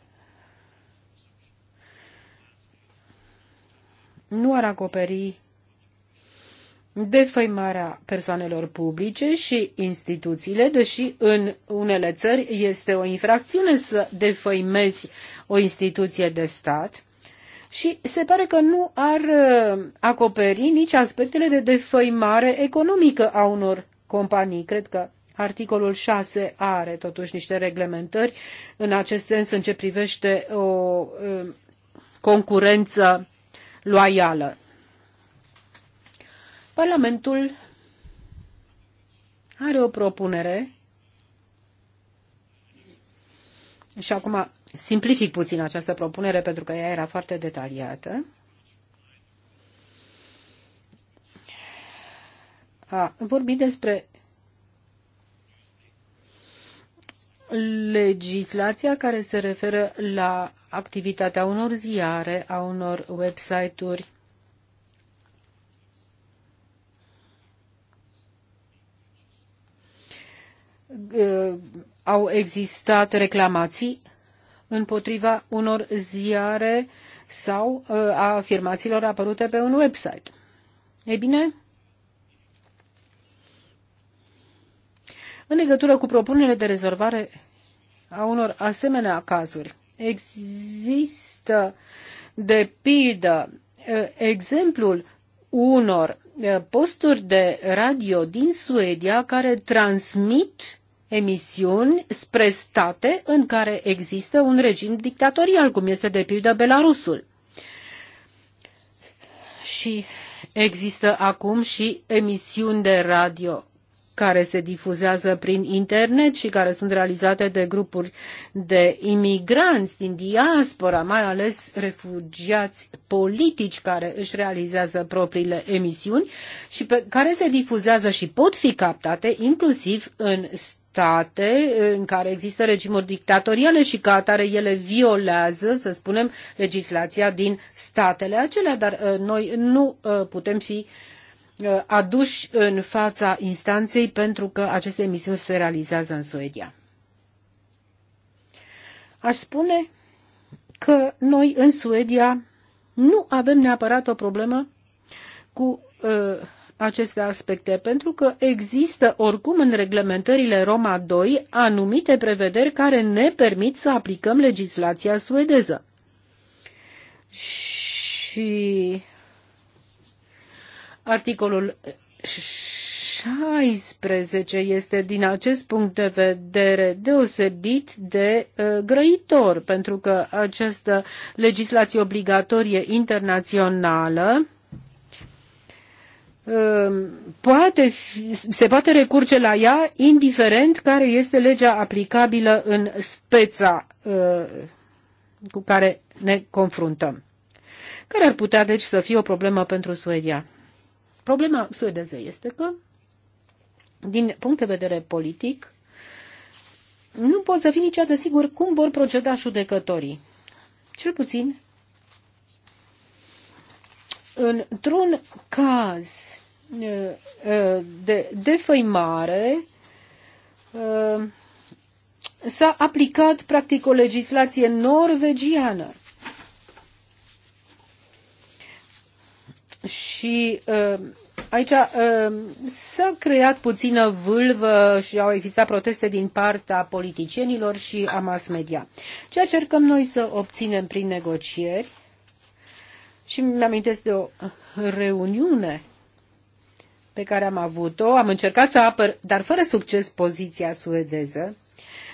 Nu ar acoperi defăimarea persoanelor publice și instituțiile, deși în unele țări este o infracțiune să defăimezi o instituție de stat, și se pare că nu ar uh, acoperi nici aspectele de defăimare economică a unor companii. Cred că articolul 6 are totuși niște reglementări în acest sens în ce privește o um, concurență loială. Parlamentul are o propunere și acum simplific puțin această propunere pentru că ea era foarte detaliată. A vorbit despre legislația care se referă la activitatea unor ziare, a unor website-uri Uh, au existat reclamații împotriva unor ziare sau uh, a afirmațiilor apărute pe un website. Ei bine, în legătură cu propunerile de rezolvare a unor asemenea cazuri, există de pildă uh, exemplul unor posturi de radio din Suedia care transmit emisiuni spre state în care există un regim dictatorial, cum este de pildă Belarusul. Și există acum și emisiuni de radio care se difuzează prin internet și care sunt realizate de grupuri de imigranți din diaspora, mai ales refugiați politici care își realizează propriile emisiuni și pe care se difuzează și pot fi captate inclusiv în state în care există regimuri dictatoriale și ca atare ele violează, să spunem, legislația din statele acelea, dar uh, noi nu uh, putem fi uh, aduși în fața instanței pentru că aceste emisiuni se realizează în Suedia. Aș spune că noi în Suedia nu avem neapărat o problemă cu uh, aceste aspecte, pentru că există oricum în reglementările Roma 2 anumite prevederi care ne permit să aplicăm legislația suedeză. Și articolul 16 este din acest punct de vedere deosebit de uh, grăitor, pentru că această legislație obligatorie internațională Ehm, poate se poate recurge la ea indiferent care este legea aplicabilă în speța ehm, cu care ne confruntăm. Care ar putea deci să fie o problemă pentru Suedia? Problema suedeză este că, din punct de vedere politic, nu pot să fi niciodată sigur cum vor proceda judecătorii. Cel puțin Într-un caz uh, uh, de defăimare, uh, s-a aplicat practic o legislație norvegiană. Și aici s-a creat puțină vâlvă și au existat proteste din partea politicienilor și a mass media. Ce încercăm noi să obținem prin negocieri și mi-amintesc de o reuniune pe care am avut-o, am încercat să apăr, dar fără succes, poziția suedeză,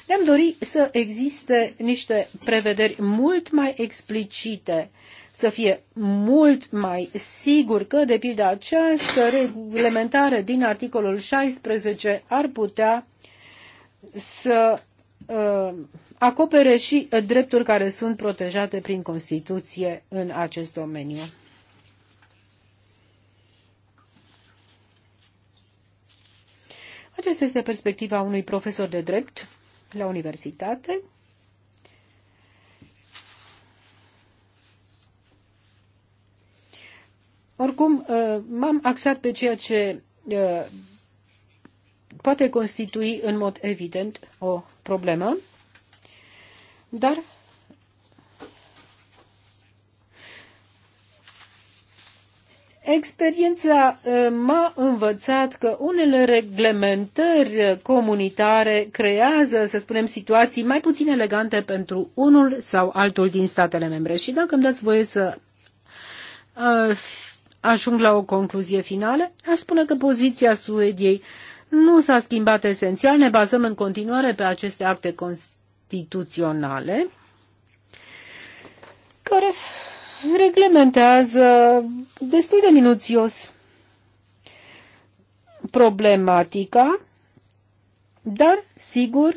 ne-am dorit să existe niște prevederi mult mai explicite, să fie mult mai sigur că, de pildă, această reglementare din articolul 16 ar putea să Uh, acopere și uh, drepturi care sunt protejate prin Constituție în acest domeniu. Aceasta este perspectiva unui profesor de drept la universitate. Oricum, uh, m-am axat pe ceea ce poate constitui în mod evident o problemă, dar Experiența ă, m-a învățat că unele reglementări comunitare creează, să spunem, situații mai puțin elegante pentru unul sau altul din statele membre. Și dacă îmi dați voie să ă, ajung la o concluzie finală, aș spune că poziția Suediei nu s-a schimbat esențial, ne bazăm în continuare pe aceste acte constituționale care reglementează destul de minuțios problematica, dar sigur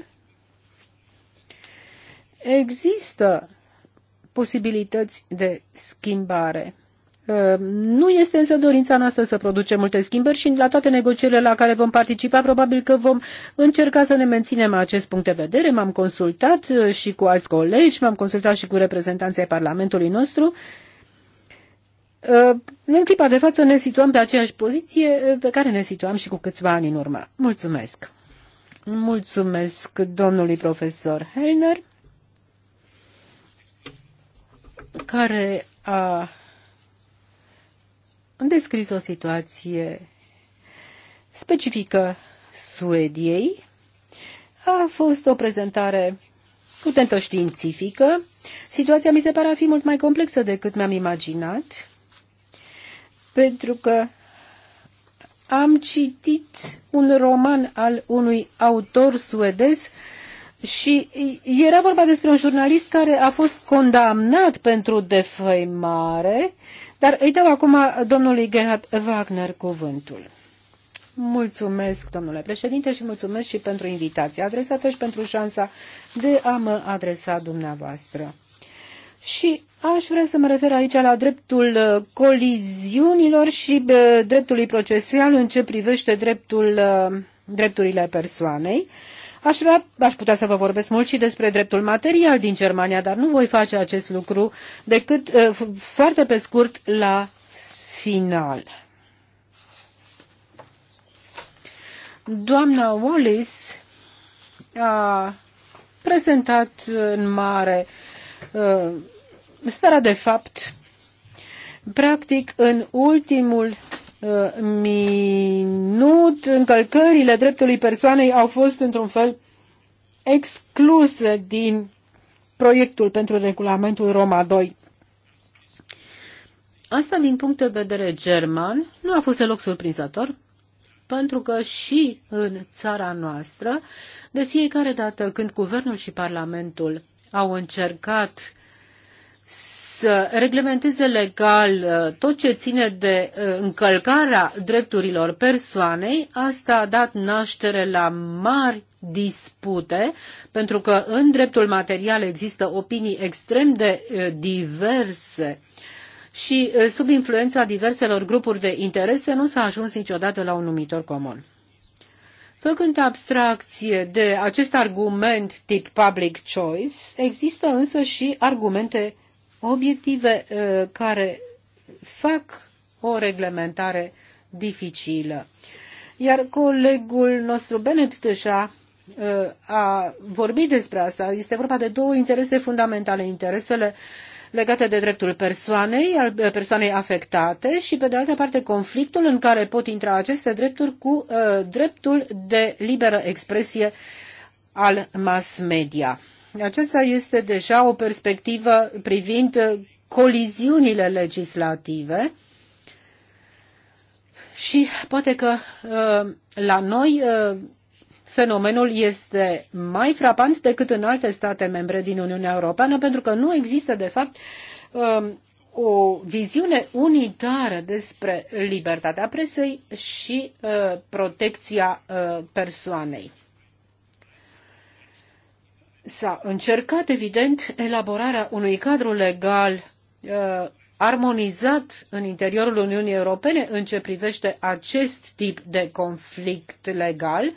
există posibilități de schimbare. Uh, nu este însă dorința noastră să producem multe schimbări și la toate negocierile la care vom participa probabil că vom încerca să ne menținem acest punct de vedere. M-am consultat uh, și cu alți colegi, m-am consultat și cu reprezentanții ai Parlamentului nostru. Uh, în clipa de față ne situăm pe aceeași poziție pe care ne situam și cu câțiva ani în urmă. Mulțumesc! Mulțumesc domnului profesor Helner care a am descris o situație specifică Suediei. A fost o prezentare putentă științifică. Situația mi se pare a fi mult mai complexă decât mi-am imaginat, pentru că am citit un roman al unui autor suedez și era vorba despre un jurnalist care a fost condamnat pentru defăimare uh, dar îi dau acum domnului Gerhard Wagner cuvântul. Mulțumesc, domnule președinte, și mulțumesc și pentru invitația adresată și pentru șansa de a mă adresa dumneavoastră. Și aș vrea să mă refer aici la dreptul uh, coliziunilor și uh, dreptului procesual în ce privește dreptul, uh, drepturile persoanei. Uh, Aș, vrea, aș putea să vă vorbesc mult și despre dreptul material din Germania, dar nu voi face acest lucru decât uh, foarte pe scurt la final. Doamna Wallis a prezentat în mare uh, sfera de fapt. Practic, în ultimul minut încălcările dreptului persoanei au fost într-un fel excluse din proiectul pentru regulamentul Roma 2. Asta din punct de vedere german nu a fost deloc surprinzător, pentru că și în țara noastră, de fiecare dată când guvernul și parlamentul au încercat să reglementeze legal uh, tot ce ține de uh, încălcarea drepturilor persoanei, asta a dat naștere la mari dispute, pentru că în dreptul material există opinii extrem de uh, diverse și sub influența diverselor grupuri de interese nu s-a ajuns niciodată la un numitor comun. Făcând abstracție de acest argument tip public choice, există însă și argumente obiective uh, care fac o reglementare dificilă. Iar colegul nostru Benet deja uh, a vorbit despre asta. Este vorba de două interese fundamentale. Interesele legate de dreptul persoanei, al uh, persoanei afectate și, pe de altă parte, conflictul în care pot intra aceste drepturi cu uh, dreptul de liberă expresie al mass media. Aceasta este deja o perspectivă privind uh, coliziunile legislative și poate că uh, la noi uh, fenomenul este mai frapant decât în alte state membre din Uniunea Europeană, pentru că nu există, de fapt, um, o viziune unitară despre libertatea presei și protecția persoanei. S-a încercat, evident, elaborarea unui cadru legal uh, armonizat în interiorul Uniunii Europene în ce privește acest tip de conflict legal,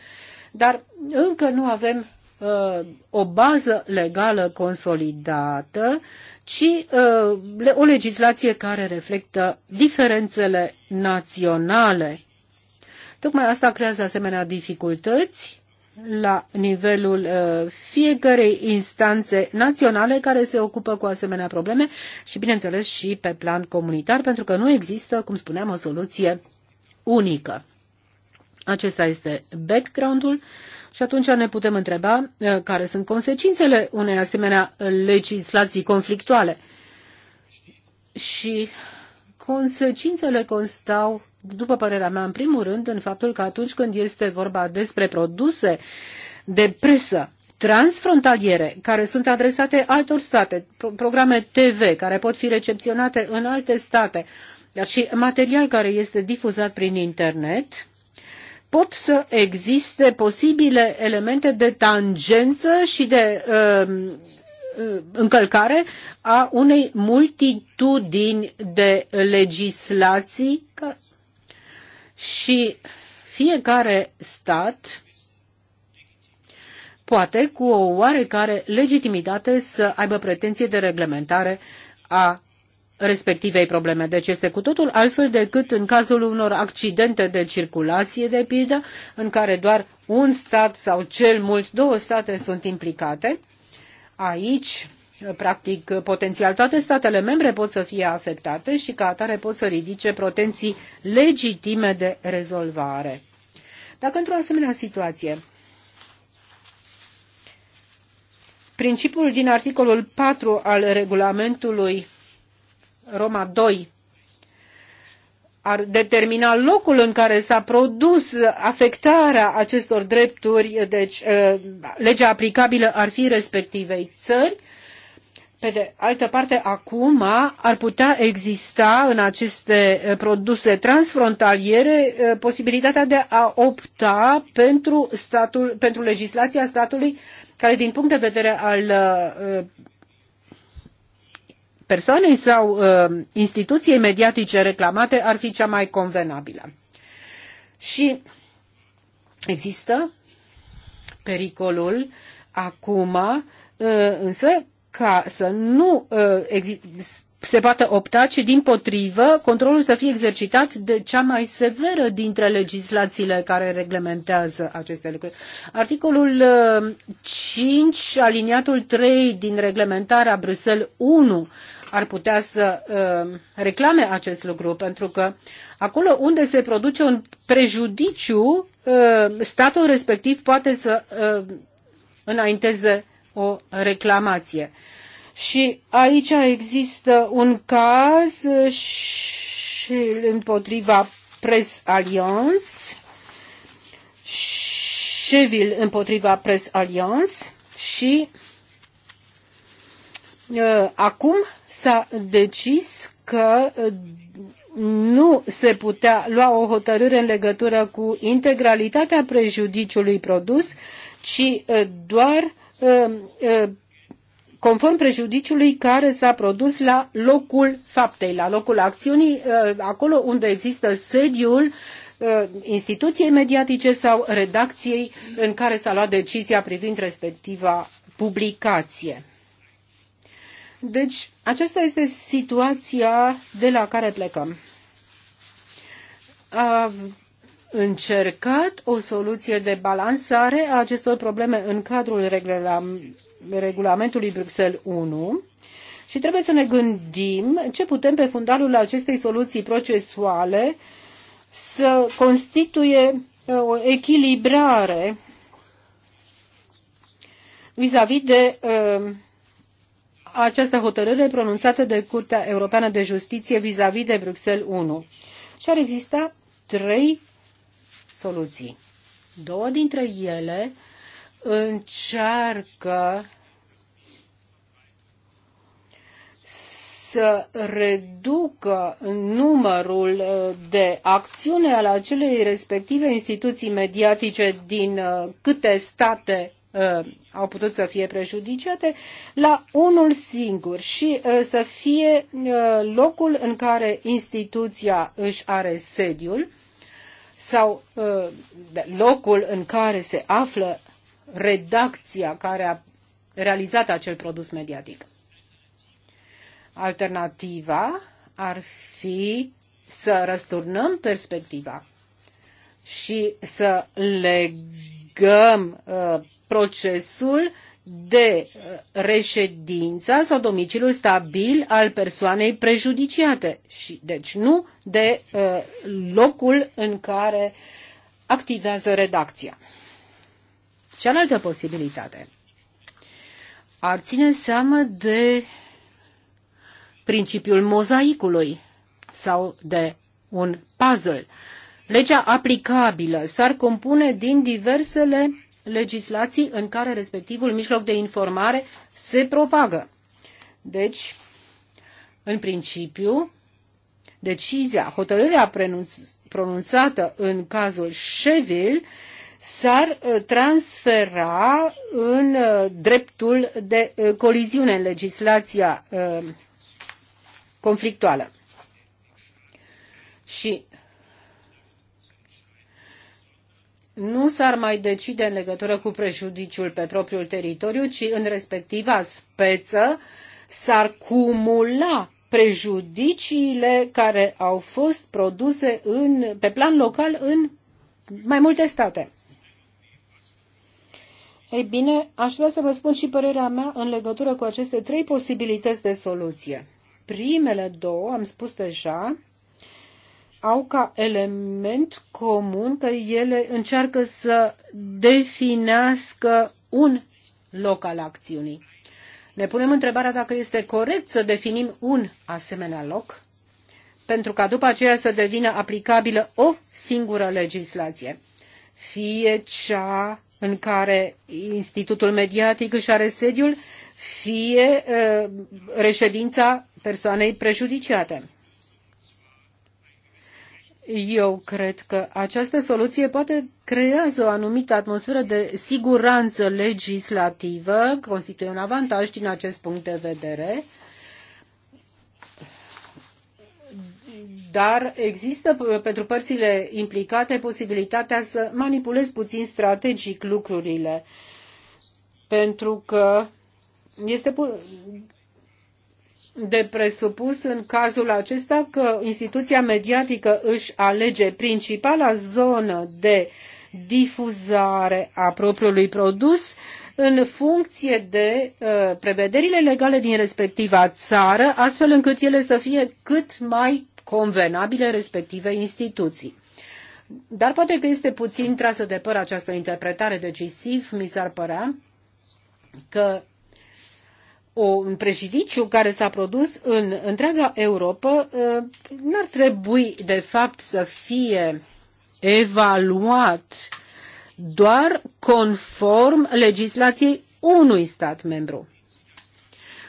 dar încă nu avem uh, o bază legală consolidată, ci uh, o legislație care reflectă diferențele naționale. Tocmai asta creează asemenea dificultăți la nivelul uh, fiecărei instanțe naționale care se ocupă cu asemenea probleme și, bineînțeles, și pe plan comunitar, pentru că nu există, cum spuneam, o soluție unică. Acesta este background-ul și atunci ne putem întreba uh, care sunt consecințele unei asemenea legislații conflictuale. Și consecințele constau după părerea mea, în primul rând, în faptul că atunci când este vorba despre produse de presă transfrontaliere care sunt adresate altor state, programe TV care pot fi recepționate în alte state, dar și material care este difuzat prin internet, pot să existe posibile elemente de tangență și de um, uh, încălcare a unei multitudini de legislații și fiecare stat poate cu o oarecare legitimitate să aibă pretenție de reglementare a respectivei probleme. Deci este cu totul altfel decât în cazul unor accidente de circulație, de pildă, în care doar un stat sau cel mult două state sunt implicate. Aici practic potențial toate statele membre pot să fie afectate și ca atare pot să ridice protenții legitime de rezolvare. Dacă într-o asemenea situație principiul din articolul 4 al regulamentului Roma 2 ar determina locul în care s-a produs afectarea acestor drepturi, deci eh, legea aplicabilă ar fi respectivei țări, pe de altă parte, acum ar putea exista în aceste eh, produse transfrontaliere eh, posibilitatea de a opta pentru, statul, pentru legislația statului care din punct de vedere al eh, persoanei sau instituției mediatice reclamate ar fi cea mai convenabilă. Și există pericolul acum însă ca să nu uh, se poată opta, ci din potrivă controlul să fie exercitat de cea mai severă dintre legislațiile care reglementează aceste lucruri. Articolul 5, uh, aliniatul 3 din reglementarea Bruxelles 1 ar putea să uh, reclame acest lucru, pentru că acolo unde se produce un prejudiciu, uh, statul respectiv poate să uh, înainteze o reclamație. Și aici există un caz și împotriva Press Alliance, Cheville împotriva Press Alliance și uh, acum s-a decis că nu se putea lua o hotărâre în legătură cu integralitatea prejudiciului produs, ci uh, doar Uh, uh, conform prejudiciului care s-a produs la locul faptei, la locul acțiunii, uh, acolo unde există sediul instituției mediatice sau redacției în care s-a luat decizia privind respectiva publicație. Deci, aceasta este situația de la care plecăm încercat o soluție de balansare a acestor probleme în cadrul regulamentului Bruxelles 1 și trebuie să ne gândim ce putem pe fundalul acestei soluții procesuale să constituie uh, o echilibrare vis-a-vis -vis de uh, această hotărâre pronunțată de Curtea Europeană de Justiție vis-a-vis -vis de Bruxelles 1. Și ar exista trei soluții. Două dintre ele încearcă să reducă numărul uh, de acțiune ale acelei respective instituții mediatice din uh, câte state uh, au putut să fie prejudiciate la unul singur și să fie locul în care instituția își are sediul sau uh, locul în care se află redacția care a realizat acel produs mediatic. Alternativa ar fi să răsturnăm perspectiva și să legăm uh, procesul de uh, reședința sau domiciliul stabil al persoanei prejudiciate și deci nu de uh, locul în care activează redacția. Cealaltă posibilitate ar ține seamă de principiul mozaicului sau de un puzzle. Legea aplicabilă s-ar compune din diversele legislații în care respectivul mijloc de informare se propagă. Deci, în principiu, decizia, hotărârea pronunțată în cazul Sheville s-ar uh, transfera în uh, dreptul de uh, coliziune în legislația conflictuală. Și nu s-ar mai decide în legătură cu prejudiciul pe propriul teritoriu, ci în respectiva speță s-ar cumula prejudiciile care au fost produse în, pe plan local în mai multe state. Ei bine, aș vrea să vă spun și părerea mea în legătură cu aceste trei posibilități de soluție. Primele două, am spus deja, au ca element comun că ele încearcă să definească un loc al acțiunii. Ne punem întrebarea dacă este corect să definim un asemenea loc, pentru ca după aceea să devină aplicabilă o singură legislație, fie cea în care Institutul Mediatic își are sediul, fie uh, reședința persoanei prejudiciate eu cred că această soluție poate creează o anumită atmosferă de siguranță legislativă, constituie un avantaj din acest punct de vedere, dar există pentru părțile implicate posibilitatea să manipulez puțin strategic lucrurile, pentru că este de presupus în cazul acesta că instituția mediatică își alege principala zonă de difuzare a propriului produs în funcție de uh, prevederile legale din respectiva țară, astfel încât ele să fie cât mai convenabile respective instituții. Dar poate că este puțin trasă de păr această interpretare decisiv, mi s-ar părea că un prejudiciu care s-a produs în întreaga Europa uh, n-ar trebui, de fapt, să fie evaluat doar conform legislației unui stat membru.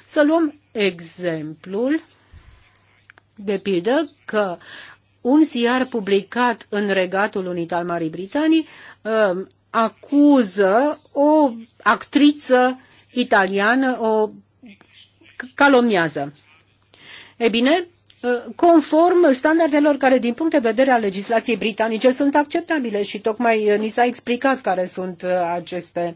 Să luăm exemplul, de pildă, că un ziar publicat în Regatul Unit al Marii Britanii uh, acuză o actriță italiană, o calomniază. E bine, conform standardelor care, din punct de vedere al legislației britanice, sunt acceptabile și tocmai ni s-a explicat care sunt uh, aceste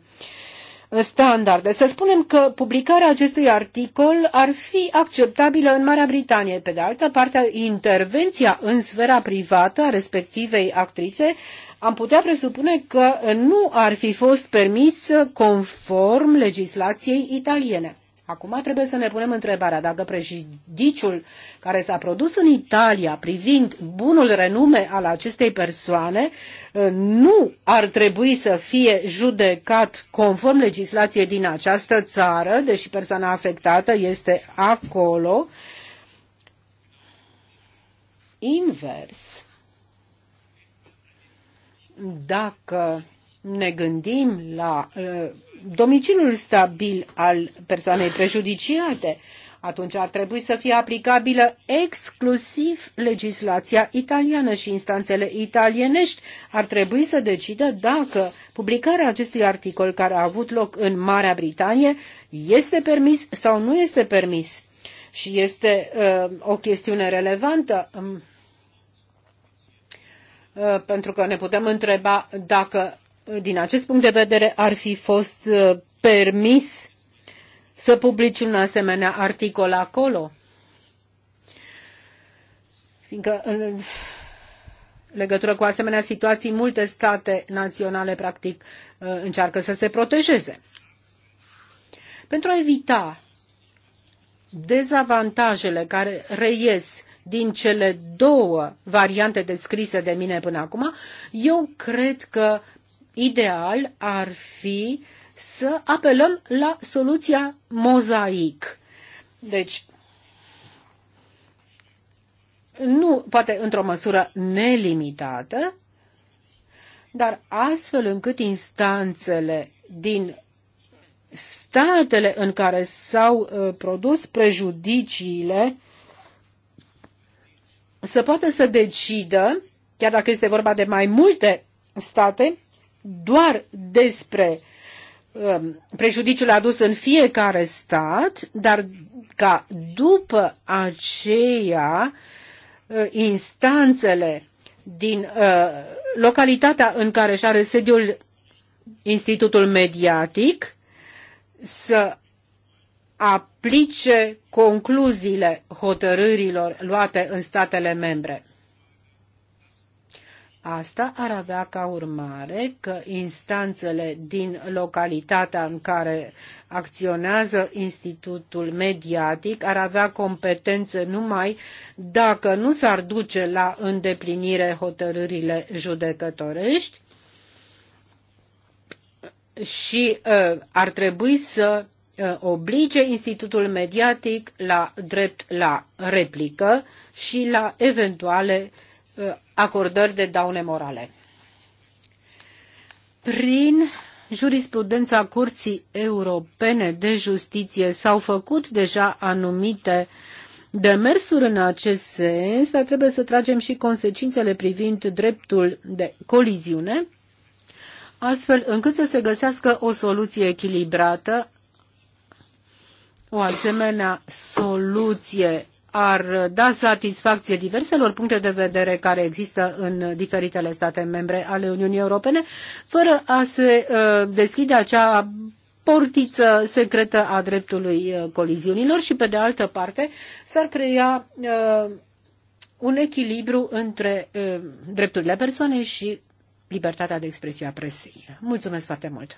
uh, standarde. Să spunem că publicarea acestui articol ar fi acceptabilă în Marea Britanie. Pe de altă parte, intervenția în sfera privată a respectivei actrițe am putea presupune că nu ar fi fost permis conform legislației italiene. Acum trebuie să ne punem întrebarea dacă prejudiciul care s-a produs în Italia privind bunul renume al acestei persoane uh, nu ar trebui să fie judecat conform legislației din această țară, deși persoana afectată este acolo, invers. Dacă ne gândim la uh, domiciliul stabil al persoanei prejudiciate, atunci ar trebui să fie aplicabilă exclusiv legislația italiană și instanțele italienești ar trebui să decidă dacă publicarea acestui articol care a avut loc în Marea Britanie este permis sau nu este permis. Și este uh, o chestiune relevantă um, uh, pentru că ne putem întreba dacă din acest punct de vedere, ar fi fost uh, permis să publici un asemenea articol acolo? Fiindcă în legătură cu asemenea situații, multe state naționale, practic, uh, încearcă să se protejeze. Pentru a evita dezavantajele care reies din cele două variante descrise de mine până acum, eu cred că ideal ar fi să apelăm la soluția mozaic. Deci, nu poate într-o măsură nelimitată, dar astfel încât instanțele din statele în care s-au uh, produs prejudiciile să poată să decidă, chiar dacă este vorba de mai multe state, doar despre um, prejudiciul adus în fiecare stat, dar ca după aceea uh, instanțele din uh, localitatea în care și are sediul Institutul Mediatic să aplice concluziile hotărârilor luate în statele membre. Asta ar avea ca urmare că instanțele din localitatea în care acționează institutul mediatic ar avea competențe numai dacă nu s-ar duce la îndeplinire hotărârile judecătorești și uh, ar trebui să uh, oblige institutul mediatic la drept la replică și la eventuale uh, acordări de daune morale. Prin jurisprudența Curții Europene de Justiție s-au făcut deja anumite demersuri în acest sens, dar trebuie să tragem și consecințele privind dreptul de coliziune, astfel încât să se găsească o soluție echilibrată o asemenea soluție ar da satisfacție diverselor puncte de vedere care există în diferitele state membre ale Uniunii Europene, fără a se uh, deschide acea portiță secretă a dreptului uh, coliziunilor și, pe de altă parte, s-ar crea uh, un echilibru între drepturile persoanei și libertatea de expresie a presei. Mulțumesc foarte mult!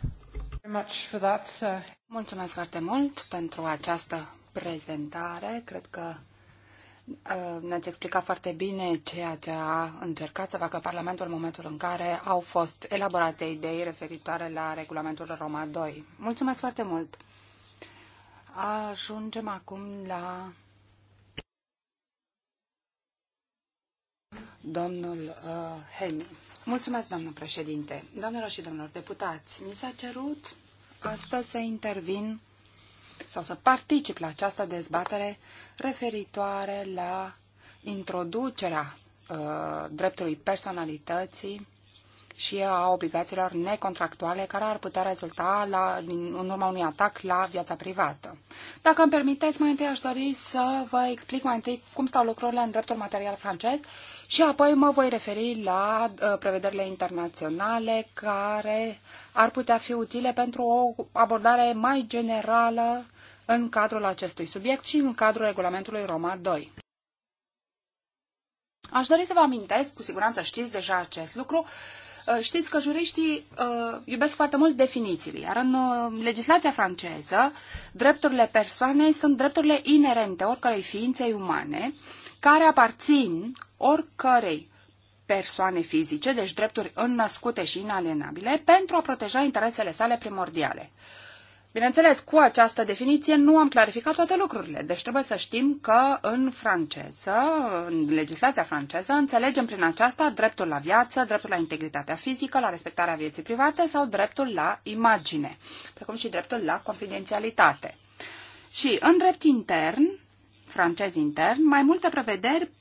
Mulțumesc foarte mult pentru această prezentare. Cred că ne-ați explicat foarte bine ceea ce a încercat să facă Parlamentul în momentul în care au fost elaborate idei referitoare la regulamentul Roma 2. Mulțumesc foarte mult! Ajungem acum la domnul uh, Hemi. Mulțumesc, domnul președinte. Doamnelor și domnilor deputați, mi s-a cerut astăzi să intervin sau să particip la această dezbatere referitoare la introducerea uh, dreptului personalității și a obligațiilor necontractuale care ar putea rezulta la, din, în urma unui atac la viața privată. Dacă îmi permiteți, mai întâi aș dori să vă explic mai întâi cum stau lucrurile în dreptul material francez și apoi mă voi referi la uh, prevederile internaționale care ar putea fi utile pentru o abordare mai generală în cadrul acestui subiect și în cadrul regulamentului Roma 2. Aș dori să vă amintesc, cu siguranță știți deja acest lucru, uh, știți că juriștii uh, iubesc foarte mult definițiile, iar în uh, legislația franceză, drepturile persoanei sunt drepturile inerente oricărei ființei umane, care aparțin oricărei persoane fizice, deci drepturi înnăscute și inalienabile, pentru a proteja interesele sale primordiale. Uh, Bineînțeles, cu această definiție nu am clarificat toate lucrurile, deci trebuie să știm că în franceză, în legislația franceză, înțelegem prin aceasta dreptul la viață, dreptul la integritatea fizică, la respectarea vieții private sau dreptul la imagine, precum și dreptul la confidențialitate. Și în drept intern, francez intern, mai multe prevederi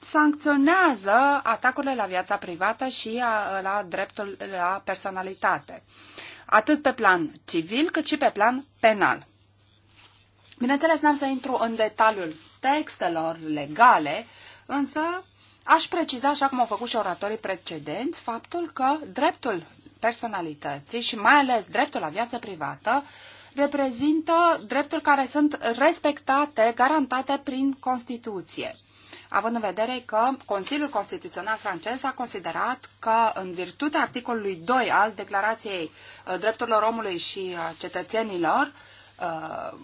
sancționează atacurile la viața privată și la dreptul la personalitate atât pe plan civil cât și pe plan penal. Bineînțeles, n-am să intru în detaliul textelor legale, însă aș preciza, așa cum au făcut și oratorii precedenți, faptul că dreptul personalității și mai ales dreptul la viață privată reprezintă drepturi care sunt respectate, garantate prin Constituție având în vedere că Consiliul Constituțional francez a considerat că, în virtutea articolului 2 al Declarației uh, Drepturilor Omului și uh, Cetățenilor, uh,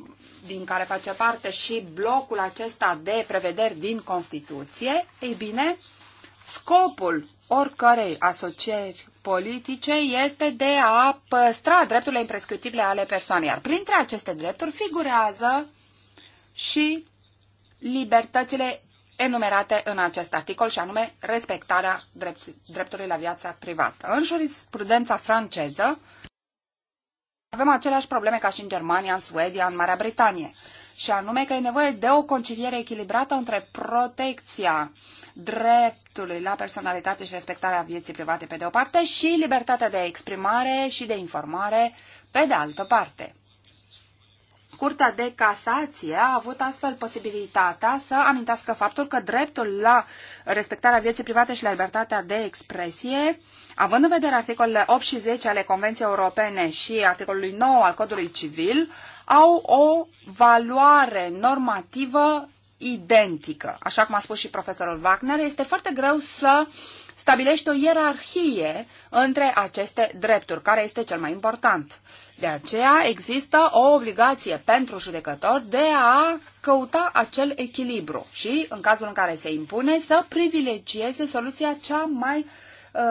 din care face parte și blocul acesta de prevederi din Constituție, ei bine, scopul oricărei asocieri politice este de a păstra drepturile imprescriptibile ale persoanei. Iar printre aceste drepturi figurează și libertățile enumerate în acest articol și anume respectarea drept, dreptului la viața privată. În jurisprudența franceză avem aceleași probleme ca și în Germania, în Suedia, în Marea Britanie și anume că e nevoie de o conciliere echilibrată între protecția dreptului la personalitate și respectarea vieții private pe de o parte și libertatea de exprimare și de informare pe de altă parte. Curtea de Casație a avut astfel posibilitatea să amintească faptul că dreptul la respectarea vieții private și la libertatea de expresie, având în vedere articolele 8 și 10 ale Convenției Europene și articolului 9 al Codului Civil, au o valoare normativă identică. Așa cum a spus și profesorul Wagner, este foarte greu să stabilești o ierarhie între aceste drepturi, care este cel mai important. De aceea există o obligație pentru judecător de a căuta acel echilibru și, în cazul în care se impune, să privilegieze soluția cea mai uh,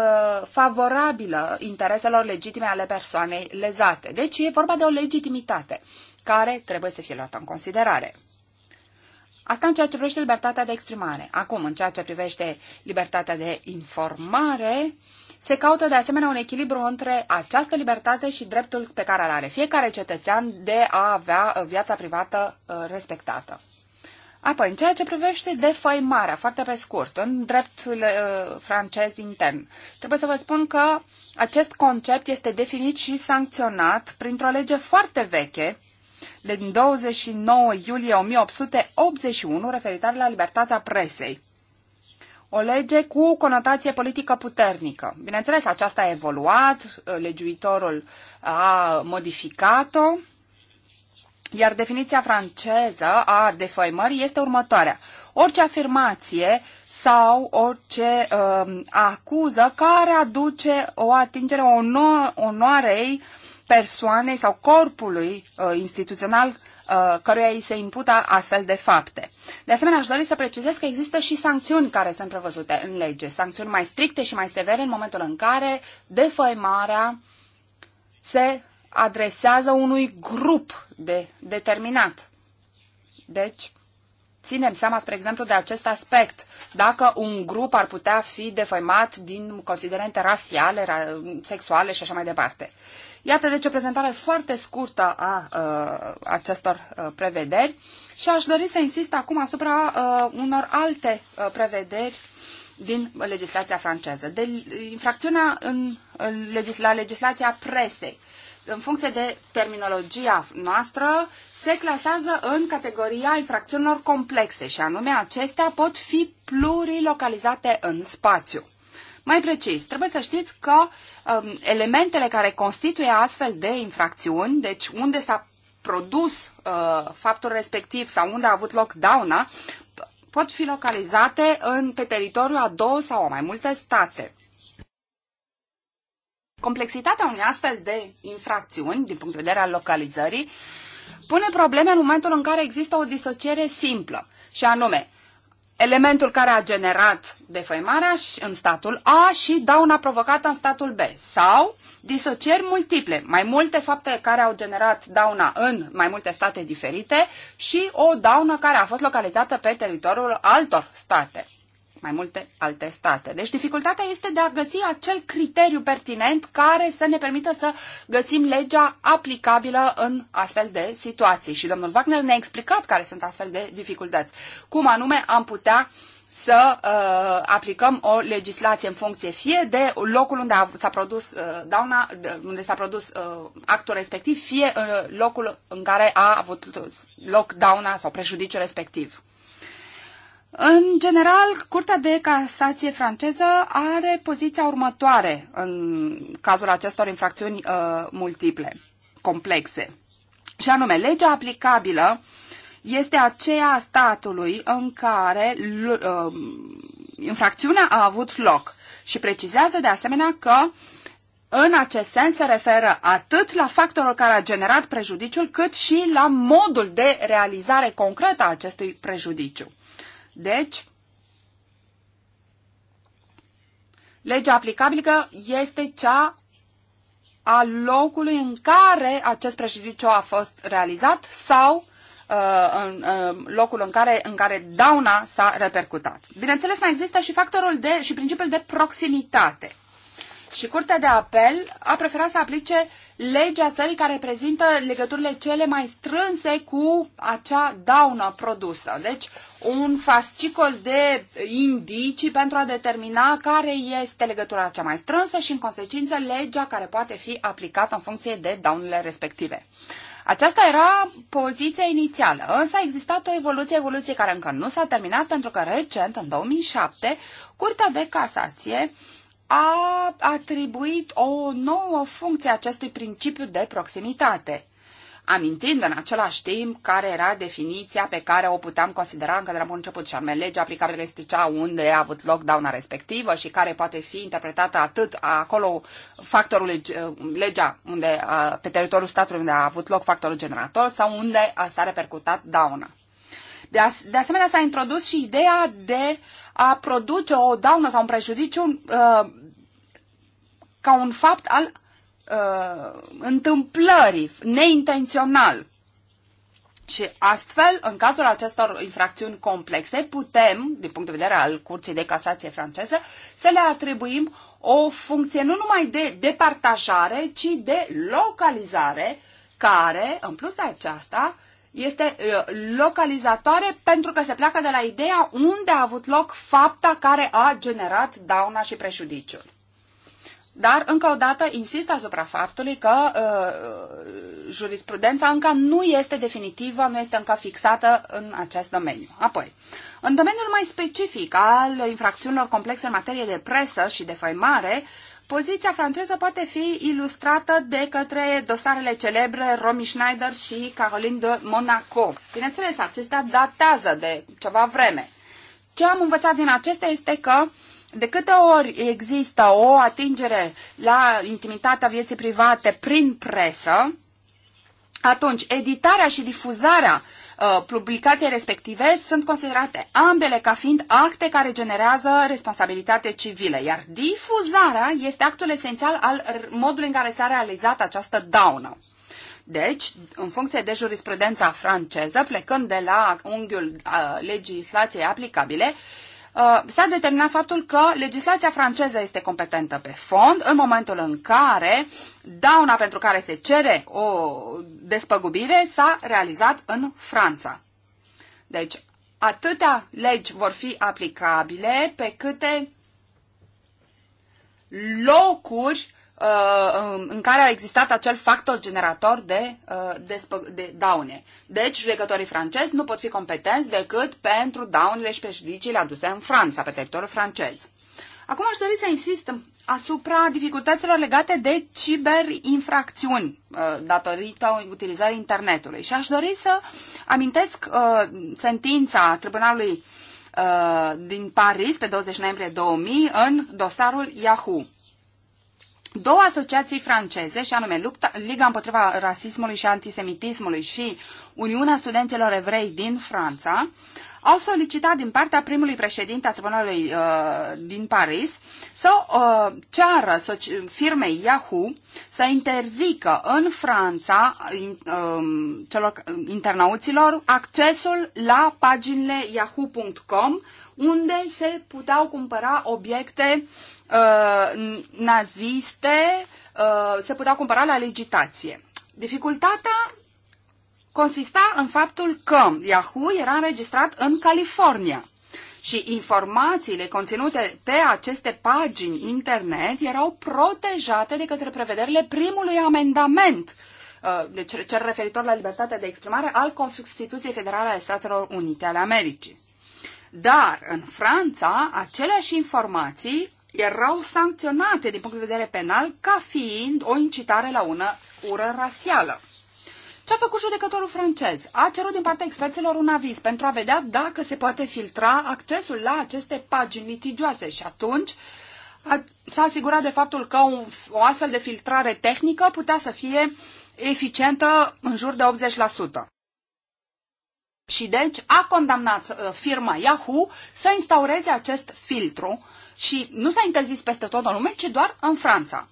favorabilă intereselor legitime ale persoanei lezate. Deci e vorba de o legitimitate care trebuie să fie luată în considerare. Asta în ceea ce privește libertatea de exprimare. Acum, în ceea ce privește libertatea de informare, uh, se caută de asemenea un echilibru între această libertate și dreptul pe care îl are fiecare cetățean de a avea uh, viața privată uh, respectată. Apoi, în ceea ce privește defăimarea, foarte pe scurt, în dreptul uh, francez intern, trebuie să vă spun că acest concept este definit și sancționat printr-o lege foarte veche, din 29 iulie 1881, referitoare la libertatea presei o lege cu conotație politică puternică. Bineînțeles, aceasta a evoluat, legiuitorul a modificat-o, iar definiția franceză a defăimării este următoarea. Orice afirmație sau orice uh, acuză care aduce o atingere onoarei persoanei sau corpului uh, instituțional Uh, căruia îi se impută astfel de fapte. De asemenea, aș dori să precizez că există și sancțiuni care sunt prevăzute în lege, sancțiuni mai stricte și mai severe în momentul în care defăimarea se adresează unui grup de determinat. Deci, ținem seama, spre exemplu, de acest aspect. Dacă un grup ar putea fi defăimat din considerente rasiale, ra- sexuale și așa mai departe. Iată deci o prezentare foarte scurtă a uh, acestor uh, prevederi și aș dori să insist acum asupra uh, unor alte uh, prevederi din legislația franceză. De infracțiunea în, în legis, la legislația presei, în funcție de terminologia noastră, se clasează în categoria infracțiunilor complexe și anume acestea pot fi plurilocalizate în spațiu. Mai precis, trebuie să știți că um, elementele care constituie astfel de infracțiuni, deci unde s-a produs uh, faptul respectiv sau unde a avut loc dauna, pot fi localizate în, pe teritoriul a două sau a mai multe state. Complexitatea unei astfel de infracțiuni, din punct de vedere al localizării, pune probleme în momentul în care există o disociere simplă, și anume, elementul care a generat defăimarea în statul A și dauna provocată în statul B sau disocieri multiple, mai multe fapte care au generat dauna în mai multe state diferite și o daună care a fost localizată pe teritoriul altor state mai multe alte state. Deci dificultatea este de a găsi acel criteriu pertinent care să ne permită să găsim legea aplicabilă în astfel de situații. Și domnul Wagner ne-a explicat care sunt astfel de dificultăți. Cum anume am putea să uh, aplicăm o legislație în funcție fie de locul unde s-a produs uh, dauna, unde s-a produs uh, actul respectiv, fie uh, locul în care a avut loc dauna sau prejudiciul respectiv. În general, Curtea de Casație franceză are poziția următoare în cazul acestor infracțiuni uh, multiple, complexe. Și anume, legea aplicabilă este aceea a statului în care uh, infracțiunea a avut loc și precizează de asemenea că în acest sens se referă atât la factorul care a generat prejudiciul, cât și la modul de realizare concretă a acestui prejudiciu. Deci, legea aplicabilă este cea a locului în care acest prejudiciu a fost realizat sau uh, în uh, locul în care, în care dauna s-a repercutat. Bineînțeles, mai există și factorul de, și principiul de proximitate. Și Curtea de Apel a preferat să aplice legea țării care prezintă legăturile cele mai strânse cu acea daună produsă. Deci, un fascicol de indicii pentru a determina care este legătura cea mai strânsă și, în consecință, legea care poate fi aplicată în funcție de daunele respective. Aceasta era poziția inițială, însă a existat o evoluție, evoluție care încă nu s-a terminat, pentru că recent, în 2007, Curtea de Casație uh, a atribuit o nouă funcție acestui principiu de proximitate, amintind în același timp care era definiția pe care o puteam considera încă de la bun început, și anume legea aplicabilă este unde a avut lockdown respectivă și care poate fi interpretată atât acolo factorul legea unde, pe teritoriul statului unde a avut loc factorul generator sau unde s-a repercutat dauna. De, de asemenea, s-a introdus și ideea de a produce o daună sau un prejudiciu uh, ca un fapt al uh, întâmplării, neintențional. Și astfel, în cazul acestor infracțiuni complexe, putem, din punct de vedere al Curții de Casație franceză, să le atribuim o funcție nu numai de departajare, ci de localizare, care, în plus de aceasta, este uh, localizatoare pentru că se pleacă de la ideea unde a avut loc fapta care a generat dauna și prejudiciul. Dar, încă o dată, insist asupra faptului că uh, jurisprudența încă nu este definitivă, nu este încă fixată în acest domeniu. Apoi, în domeniul mai specific al infracțiunilor complexe în materie de presă și de faimare, poziția franceză poate fi ilustrată de către dosarele celebre Romy Schneider și Caroline de Monaco. Bineînțeles, acestea datează de ceva vreme. Ce am învățat din acestea este că uh, de câte ori există o atingere la intimitatea vieții private prin presă, atunci editarea și difuzarea uh, publicației respective sunt considerate ambele ca fiind acte care generează responsabilitate civilă, iar difuzarea este actul esențial al modului în care s-a realizat această daună. Deci, în funcție de jurisprudența franceză, plecând de la unghiul uh, legislației aplicabile, uh, Uh, s-a determinat faptul că legislația franceză este competentă pe fond în momentul în care dauna pentru care se cere o despăgubire s-a realizat în Franța. Deci, atâtea legi vor fi aplicabile pe câte locuri Uh, um, în care a existat acel factor generator de, uh, de, de daune. Deci, judecătorii francezi nu pot fi competenți decât pentru daunele și prejudiciile aduse în Franța, pe teritoriul francez. Acum aș dori să insist asupra dificultăților legate de ciberinfracțiuni uh, datorită utilizării internetului. Și aș dori să amintesc sentința Tribunalului din Paris pe 20 noiembrie 2000 în dosarul Yahoo două asociații franceze, și anume Lupta, Liga împotriva rasismului și antisemitismului și Uniunea Studenților Evrei din Franța, au solicitat din partea primului președinte a tribunalului uh, din Paris să uh, ceară soci- firmei Yahoo să interzică în Franța in, uh, celor internauților accesul la paginile yahoo.com unde se puteau cumpăra obiecte uh, uh, naziste uh, se puteau cumpăra la licitație. Dificultatea consista în faptul că Yahoo era înregistrat în California și informațiile conținute pe aceste pagini internet erau protejate de către prevederile primului amendament uh, deci cel referitor la libertatea de exprimare al Constituției Federale ale Statelor Unite ale Americii. Dar în Franța, aceleași informații erau sancționate din punct de vedere penal ca fiind o incitare la una ură rasială. Ce a făcut judecătorul francez? A cerut din partea experților un aviz pentru a vedea dacă se poate filtra accesul la aceste pagini litigioase și atunci s-a asigurat de faptul că un, o astfel de filtrare tehnică putea să fie eficientă în jur de 80%. Și deci a condamnat uh, firma Yahoo să instaureze acest filtru și nu s-a interzis peste tot în lume, ci doar în Franța.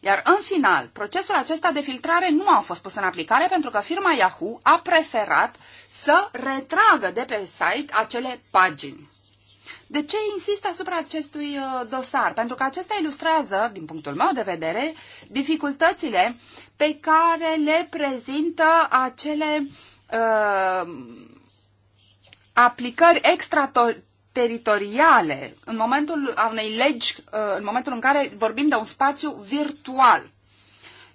Iar în final, procesul acesta de filtrare nu a fost pus în aplicare pentru că firma Yahoo a preferat să retragă de pe site acele pagini. De ce insist asupra acestui uh, dosar? Pentru că acesta ilustrează, din punctul meu de vedere, dificultățile pe care le prezintă acele uh, aplicări extrato- teritoriale, în momentul unei legi, uh, în momentul în care vorbim de un spațiu virtual.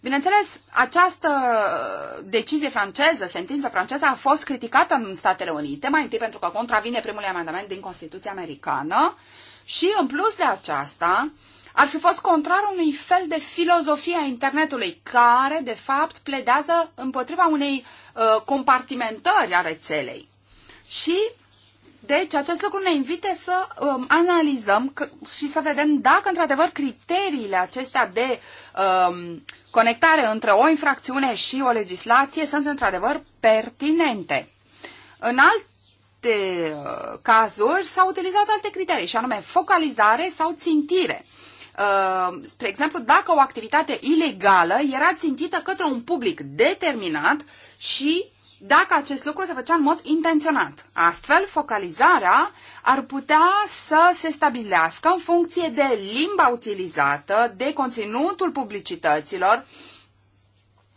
Bineînțeles, această uh, decizie franceză, sentință franceză, a fost criticată în Statele Unite, mai întâi pentru că contravine primului amendament din Constituția Americană și, în plus de aceasta, ar fi fost contrar unui fel de filozofie a internetului, care, de fapt, pledează împotriva unei uh, compartimentări a rețelei. Și deci, acest lucru ne invite să um, analizăm și să vedem dacă, într-adevăr, criteriile acestea de um, conectare între o infracțiune și o legislație sunt, într-adevăr, pertinente. În alte uh, cazuri s-au utilizat alte criterii, și anume focalizare sau țintire. Uh, spre exemplu, dacă o activitate ilegală era țintită către un public determinat și dacă acest lucru se făcea în mod intenționat. Astfel, focalizarea ar putea să se stabilească în funcție de limba utilizată, de conținutul publicităților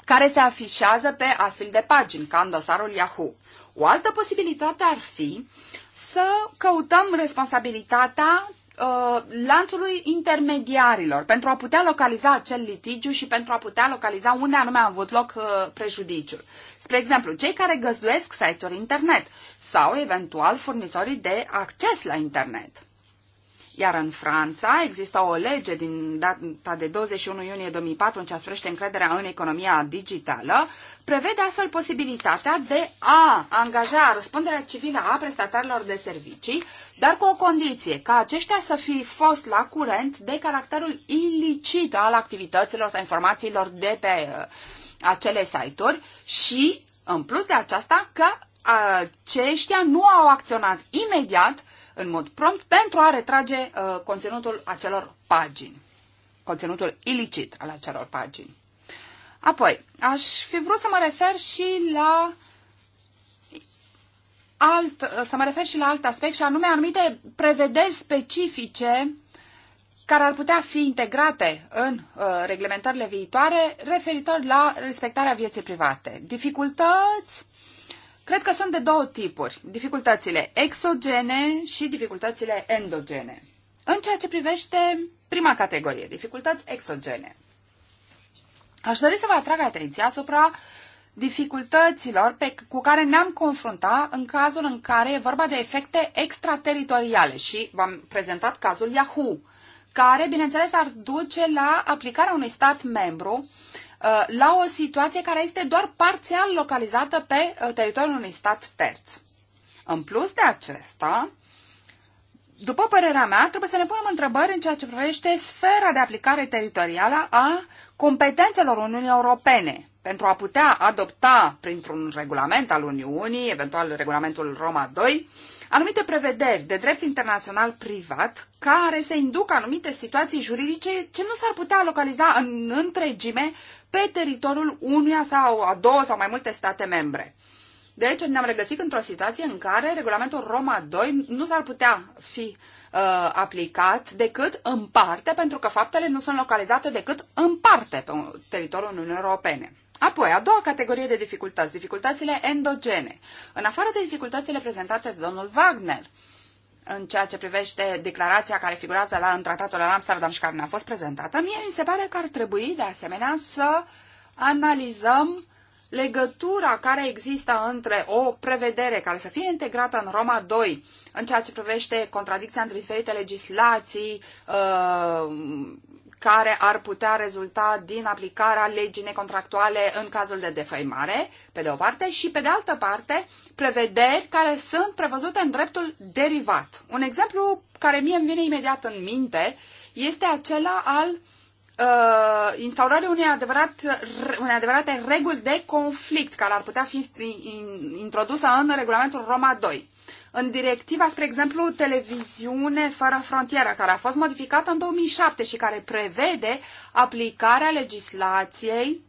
care se afișează pe astfel de pagini, ca în dosarul Yahoo. O altă posibilitate ar fi să căutăm responsabilitatea Uh, lanțului intermediarilor, pentru a putea localiza acel litigiu și pentru a putea localiza unde anume a avut loc uh, prejudiciul. Spre exemplu, cei care găzduiesc site-uri internet sau eventual furnizorii de acces la internet. Iar în Franța există o lege din data de 21 iunie 2004 în ce privește încrederea în economia digitală, prevede astfel posibilitatea de a angaja răspunderea civilă a prestatarilor de servicii, dar cu o condiție, ca aceștia să fi fost la curent de caracterul ilicit al activităților sau informațiilor de pe uh, acele site-uri și, în plus de aceasta, că aceștia uh, nu au acționat imediat în mod prompt pentru a retrage uh, conținutul acelor pagini, conținutul ilicit al acelor pagini. Apoi, aș fi vrut să mă refer și la alt, să mă refer și la alt aspect și anume anumite prevederi specifice care ar putea fi integrate în uh, reglementările viitoare referitor la respectarea vieții private. Dificultăți Cred că sunt de două tipuri, dificultățile exogene și dificultățile endogene. În ceea ce privește prima categorie, dificultăți exogene, aș dori să vă atrag atenția asupra dificultăților pe, cu care ne-am confruntat în cazul în care e vorba de efecte extrateritoriale și v-am prezentat cazul Yahoo, care, bineînțeles, ar duce la aplicarea unui stat membru Uh, la o situație care este doar parțial localizată pe uh, teritoriul unui stat terț. În plus de acesta, după părerea mea, trebuie să ne punem întrebări în ceea ce privește sfera de aplicare teritorială a competențelor Uniunii Europene pentru a putea adopta printr-un regulament al Uniunii, eventual regulamentul Roma 2, anumite prevederi de drept internațional privat care se induc anumite situații juridice ce nu s-ar putea localiza în întregime pe teritoriul unuia sau a două sau mai multe state membre. Deci ne-am regăsit într-o situație în care regulamentul Roma 2 nu s-ar putea fi uh, aplicat decât în parte, pentru că faptele nu sunt localizate decât în parte pe teritoriul Uniunii Europene. Apoi, a doua categorie de dificultăți, dificultățile endogene. În afară de dificultățile prezentate de domnul Wagner, în ceea ce privește declarația care figurează la, în tratatul la Amsterdam și care ne-a fost prezentată, mie mi se pare că ar trebui, de asemenea, să analizăm legătura care există între o prevedere care să fie integrată în Roma 2 în ceea ce privește contradicția între diferite legislații, uh, care ar putea rezulta din aplicarea legii necontractuale în cazul de defăimare, pe de o parte, și pe de altă parte, prevederi care sunt prevăzute în dreptul derivat. Un exemplu care mie îmi vine imediat în minte este acela al uh, instaurării unei, adevărat, unei adevărate reguli de conflict care ar putea fi introdusă în regulamentul Roma 2 în directiva, spre exemplu, Televiziune fără frontieră, care a fost modificată în 2007 și care prevede aplicarea legislației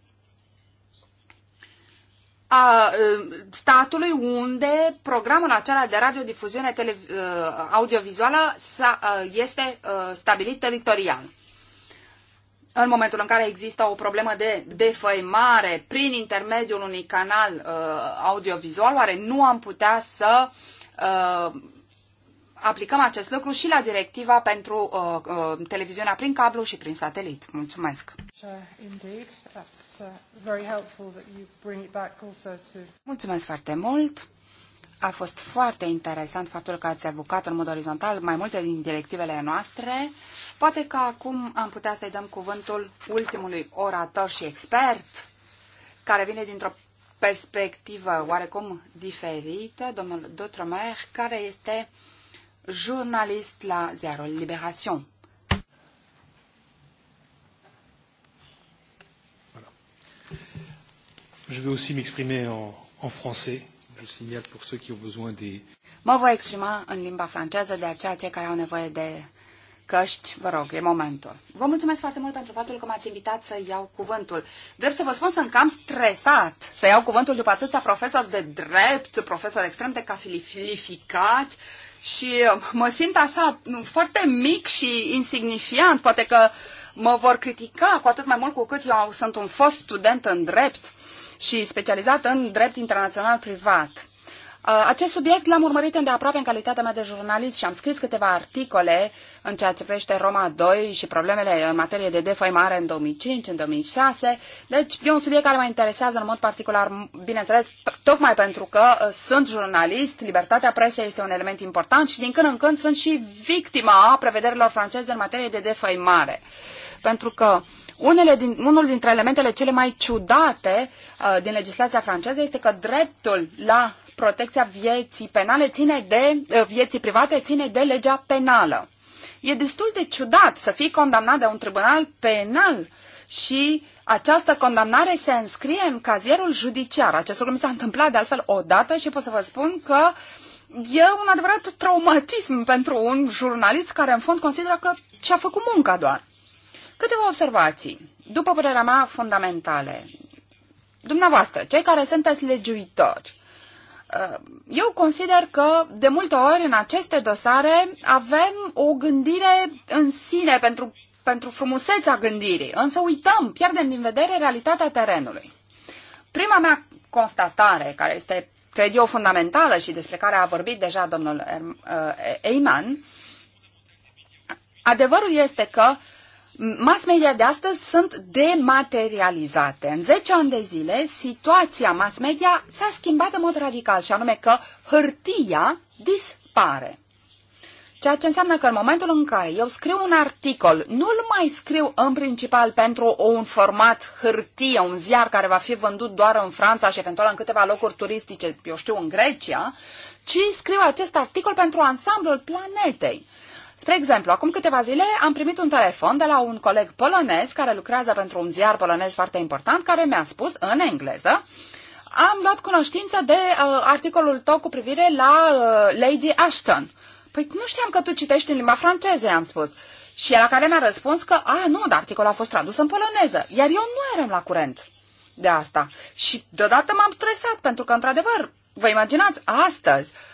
a ă, statului unde programul acela de radiodifuziune ă, audiovizuală ă, este stabilit teritorial. În momentul în care există o problemă de defăimare prin intermediul unui canal audiovizual, oare nu am putea să uh, Uh, aplicăm acest lucru și la directiva pentru uh, uh, televiziunea prin cablu și prin satelit. Mulțumesc! Uh, Mulțumesc foarte mult! A fost foarte interesant faptul că ați avocat în mod orizontal mai multe din directivele noastre. Poate că acum am putea să-i dăm cuvântul ultimului orator și expert care vine dintr-o perspectivă oarecum diferită, domnul Dotromer, care este jurnalist la ziarul Liberation. Je vais aussi m'exprimer en, en français. Je signale pour ceux qui ont besoin des... Mă voi exprima în limba franceză de aceea cei care au nevoie de căști, vă rog, e momentul. Vă mulțumesc foarte mult pentru faptul că m-ați invitat să iau cuvântul. Drept să vă spun, sunt cam stresat să iau cuvântul după atâția profesori de drept, profesori extrem de cafilificați și mă simt așa foarte mic și insignifiant. Poate că mă vor critica cu atât mai mult cu cât eu sunt un fost student în drept și specializat în drept internațional privat. Uh, acest subiect l-am urmărit îndeaproape în calitatea mea de jurnalist și am scris câteva articole în ceea ce privește Roma 2 și problemele în materie de defăimare în 2005, în 2006. Deci e un subiect care mă interesează în mod particular, bineînțeles, tocmai pentru că uh, sunt jurnalist, libertatea presei este un element important și din când în când sunt și victima prevederilor franceze în materie de defăimare. Pentru că unele din, unul dintre elementele cele mai ciudate uh, din legislația franceză este că dreptul la protecția vieții penale ține de, eh, vieții private ține de legea penală. E destul de ciudat să fii condamnat de un tribunal penal și această condamnare se înscrie în cazierul judiciar. Acest lucru mi s-a întâmplat de altfel odată și pot să vă spun că e un adevărat traumatism pentru un jurnalist care în fond consideră că și-a făcut munca doar. Câteva observații, după părerea mea, fundamentale. Dumneavoastră, cei care sunteți legiuitori, Uh, eu consider că de multe ori în aceste dosare avem o gândire în sine pentru, pentru frumusețea gândirii, însă uităm, pierdem din vedere realitatea terenului. Prima mea constatare, care este, cred eu, fundamentală și despre care a vorbit deja domnul erm- uh, Eiman, adevărul este că uh, Mass media de astăzi sunt dematerializate. În 10 ani de zile, situația mass media s-a schimbat în mod radical, și anume că hârtia dispare. Ceea ce înseamnă că în momentul în care eu scriu un articol, nu-l mai scriu în principal pentru un format hârtie, un ziar care va fi vândut doar în Franța și eventual în câteva locuri turistice, eu știu, în Grecia, ci scriu acest articol pentru ansamblul planetei. Spre exemplu, acum câteva zile am primit un telefon de la un coleg polonez care lucrează pentru un ziar polonez foarte important, care mi-a spus în engleză am luat cunoștință de uh, articolul tău cu privire la uh, Lady Ashton. Păi nu știam că tu citești în limba franceză, i-am spus. Și la care mi-a răspuns că, a, nu, dar articolul a fost tradus în poloneză, iar eu nu eram la curent de asta. Și deodată m-am stresat, pentru că, într adevăr vă imaginați, astăzi, uh,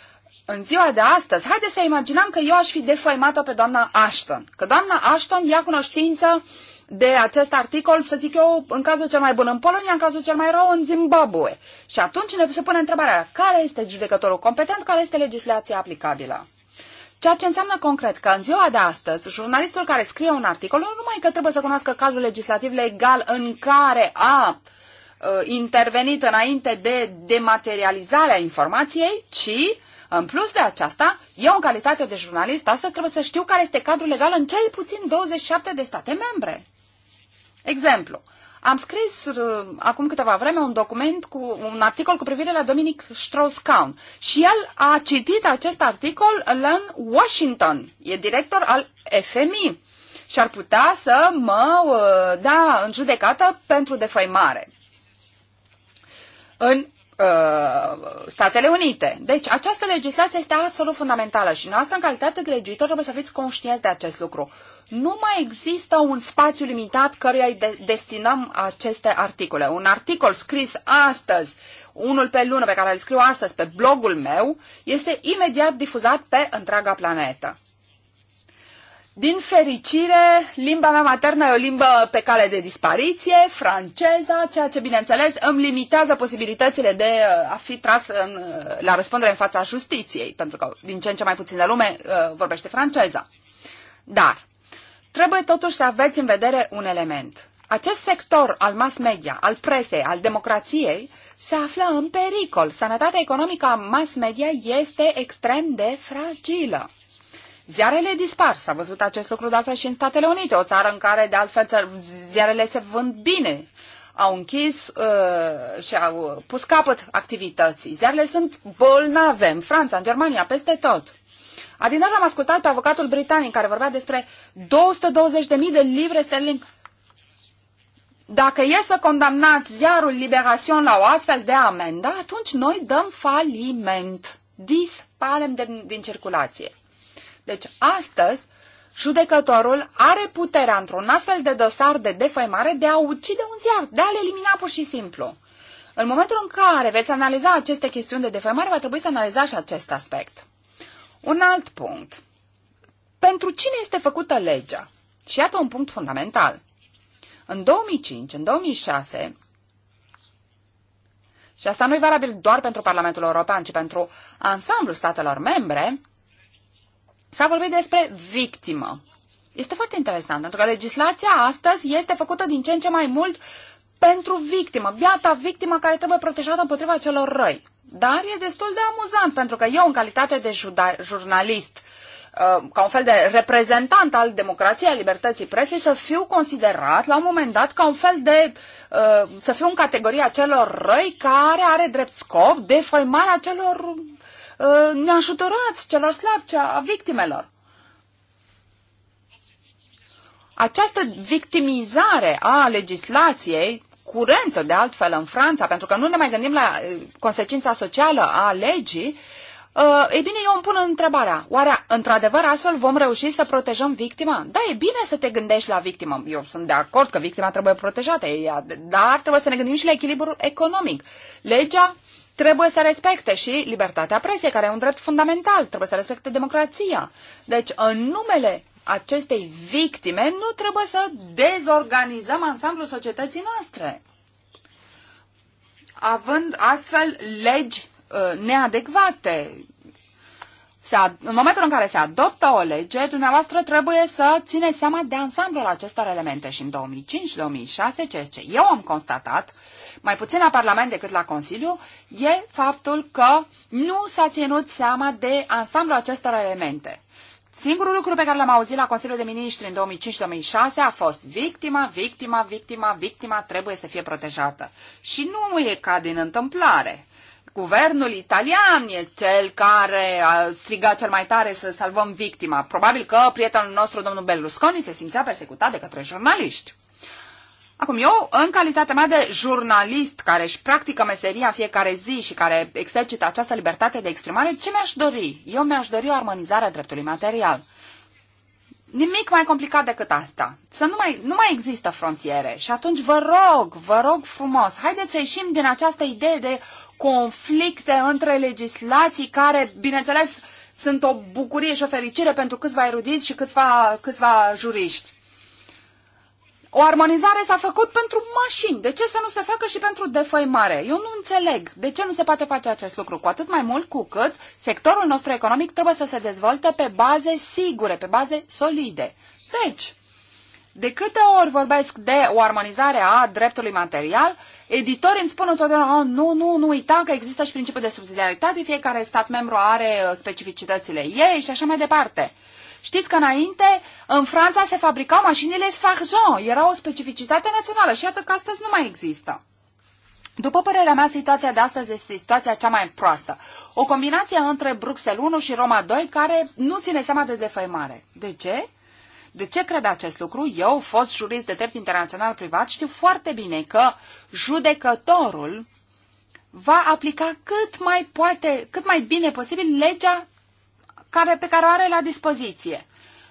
în ziua de astăzi, haideți să imaginăm că eu aș fi defăimat-o pe doamna Ashton. Că doamna Ashton ia cunoștință de acest articol, să zic eu, în cazul cel mai bun în Polonia, în cazul cel mai rău în Zimbabwe. Și atunci ne se pune întrebarea, care este judecătorul competent, care este legislația aplicabilă? Ceea ce înseamnă concret că în ziua de astăzi, jurnalistul care scrie un articol, nu numai că trebuie să cunoască cadrul legislativ legal în care a uh, intervenit înainte de dematerializarea informației, ci în plus de aceasta, eu, în calitate de jurnalist, astăzi trebuie să știu care este cadrul legal în cel puțin 27 de state membre. Exemplu, am scris uh, acum câteva vreme un document cu un articol cu privire la Dominic Strauss-Kahn și el a citit acest articol în Washington. E director al FMI și ar putea să mă uh, da în judecată pentru defăimare. În Uh, Statele Unite. Deci, această legislație este absolut fundamentală și noastră, în calitate de legiuitor, trebuie să fiți conștienți de acest lucru. Nu mai există un spațiu limitat căruia îi de- destinăm aceste articole. Un articol scris astăzi, unul pe lună pe care îl scriu astăzi pe blogul meu, este imediat difuzat pe întreaga planetă. Din fericire, limba mea maternă e o limbă pe cale de dispariție, franceza, ceea ce, bineînțeles, îmi limitează posibilitățile de uh, a fi tras în, uh, la răspundere în fața justiției, pentru că din ce în ce mai puțină lume uh, vorbește franceza. Dar trebuie totuși să aveți în vedere un element. Acest sector al mass media, al presei, al democrației, se află în pericol. Sănătatea economică a mass media este extrem de fragilă. Ziarele dispar. S-a văzut acest lucru de altfel și în Statele Unite, o țară în care de altfel ziarele se vând bine. Au închis uh, și au pus capăt activității. Ziarele sunt bolnave în Franța, în Germania, peste tot. Adinar l-am ascultat pe avocatul britanic care vorbea despre 220.000 de livre sterling. Dacă e să condamnați ziarul Liberation la o astfel de amendă, atunci noi dăm faliment. Disparem din, din circulație. Deci, astăzi, judecătorul are puterea într-un astfel de dosar de defăimare de a ucide un ziar, de a-l elimina pur și simplu. În momentul în care veți analiza aceste chestiuni de defăimare, va trebui să analizați și acest aspect. Un alt punct. Pentru cine este făcută legea? Și iată un punct fundamental. În 2005, în 2006, și asta nu e valabil doar pentru Parlamentul European, ci pentru ansamblul statelor membre, S-a vorbit despre victimă. Este foarte interesant, pentru că legislația astăzi este făcută din ce în ce mai mult pentru victimă, biata victimă care trebuie protejată împotriva celor răi. Dar e destul de amuzant, pentru că eu, în calitate de jurnalist, uh, ca un fel de reprezentant al democrației, a libertății presei, să fiu considerat la un moment dat ca un fel de. Uh, să fiu în categoria celor răi care are drept scop defăimarea celor Uh, neajutorați celor slabi, cea a victimelor. Această victimizare a legislației curentă de altfel în Franța, pentru că nu ne mai gândim la uh, consecința socială a legii, Uh, bine, eu îmi pun întrebarea. Oare, într-adevăr, astfel vom reuși să protejăm victima? Da, e bine să te gândești la victimă. Eu sunt de acord că victima trebuie protejată, dar trebuie să ne gândim și la echilibrul economic. Legea trebuie să respecte și libertatea presiei, care e un drept fundamental, trebuie să respecte democrația. Deci, în numele acestei victime, nu trebuie să dezorganizăm ansamblul societății noastre, având astfel legi uh, neadecvate, se ad- în momentul în care se adoptă o lege, dumneavoastră trebuie să țineți seama de ansamblul acestor elemente. Și în 2005-2006, ceea ce eu am constatat, mai puțin la Parlament decât la Consiliu, e faptul că nu s-a ținut seama de ansamblul acestor elemente. Singurul lucru pe care l-am auzit la Consiliul de Ministri în 2005-2006 a fost victima, victima, victima, victima trebuie să fie protejată. Și nu e ca din întâmplare. Guvernul italian e cel care a strigat cel mai tare să salvăm victima. Probabil că prietenul nostru, domnul Berlusconi, se simțea persecutat de către jurnaliști. Acum, eu, în calitatea mea de jurnalist care își practică meseria fiecare zi și care exercită această libertate de exprimare, ce mi-aș dori? Eu mi-aș dori o armonizare a dreptului material. Nimic mai complicat decât asta. Să nu mai, nu mai există frontiere. Și atunci vă rog, vă rog frumos, haideți să ieșim din această idee de conflicte între legislații care, bineînțeles, sunt o bucurie și o fericire pentru câțiva erudiți și câțiva, câțiva juriști. O armonizare s-a făcut pentru mașini. De ce să nu se facă și pentru defăimare? Eu nu înțeleg de ce nu se poate face acest lucru, cu atât mai mult cu cât sectorul nostru economic trebuie să se dezvolte pe baze sigure, pe baze solide. Deci, de câte ori vorbesc de o armonizare a dreptului material, editorii îmi spun întotdeauna, oh, nu, nu, nu uita că există și principiul de subsidiaritate, fiecare stat membru are uh, specificitățile ei și așa mai departe. Știți că înainte, în Franța se fabricau mașinile Farjon, era o specificitate națională și iată că astăzi nu mai există. După părerea mea, situația de astăzi este situația cea mai proastă. O combinație între Bruxelles 1 și Roma 2 care nu ține seama de defăimare. De ce? De ce cred acest lucru? Eu, fost jurist de drept internațional privat, știu foarte bine că judecătorul va aplica cât mai poate, cât mai bine posibil legea care, pe care o are la dispoziție.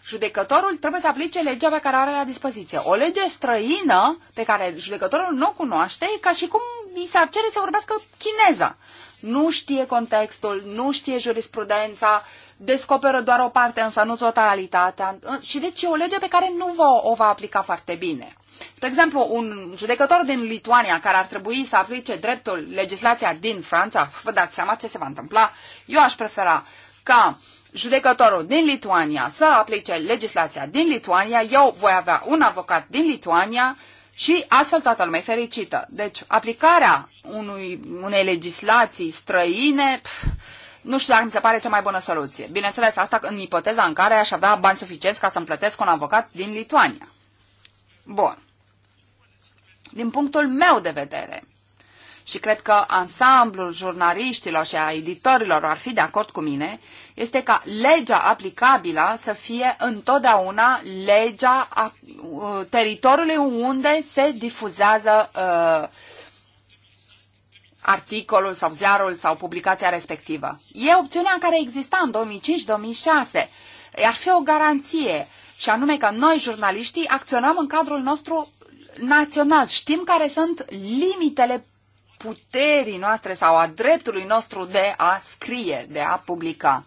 Judecătorul trebuie să aplice legea pe care o are la dispoziție. O lege străină pe care judecătorul nu o cunoaște e ca și cum i s-ar cere să vorbească chineza. Nu știe contextul, nu știe jurisprudența, uh, descoperă doar o parte, însă nu totalitatea. Și deci e o lege pe care nu vă, o va aplica foarte bine. Spre exemplu, un judecător din Lituania care ar trebui să aplice dreptul, legislația din Franța, vă dați seama ce se va întâmpla? Eu aș prefera ca judecătorul din Lituania să aplice legislația din Lituania, eu voi avea un avocat din Lituania și astfel toată lumea e fericită. Deci, aplicarea unui, unei legislații străine... Pf, nu știu dacă mi se pare cea mai bună soluție. Bineînțeles, asta în ipoteza în care aș avea bani suficienți ca să-mi plătesc un avocat din Lituania. Bun. Din punctul meu de vedere, și cred că ansamblul jurnaliștilor și a editorilor ar fi de acord cu mine, este ca legea aplicabilă să fie întotdeauna legea a, uh, teritoriului unde se difuzează uh, articolul sau ziarul sau publicația respectivă. E opțiunea care exista în 2005-2006. Ar fi o garanție și anume că noi, jurnaliștii, acționăm în cadrul nostru național. Știm care sunt limitele puterii noastre sau a dreptului nostru de a scrie, de a publica.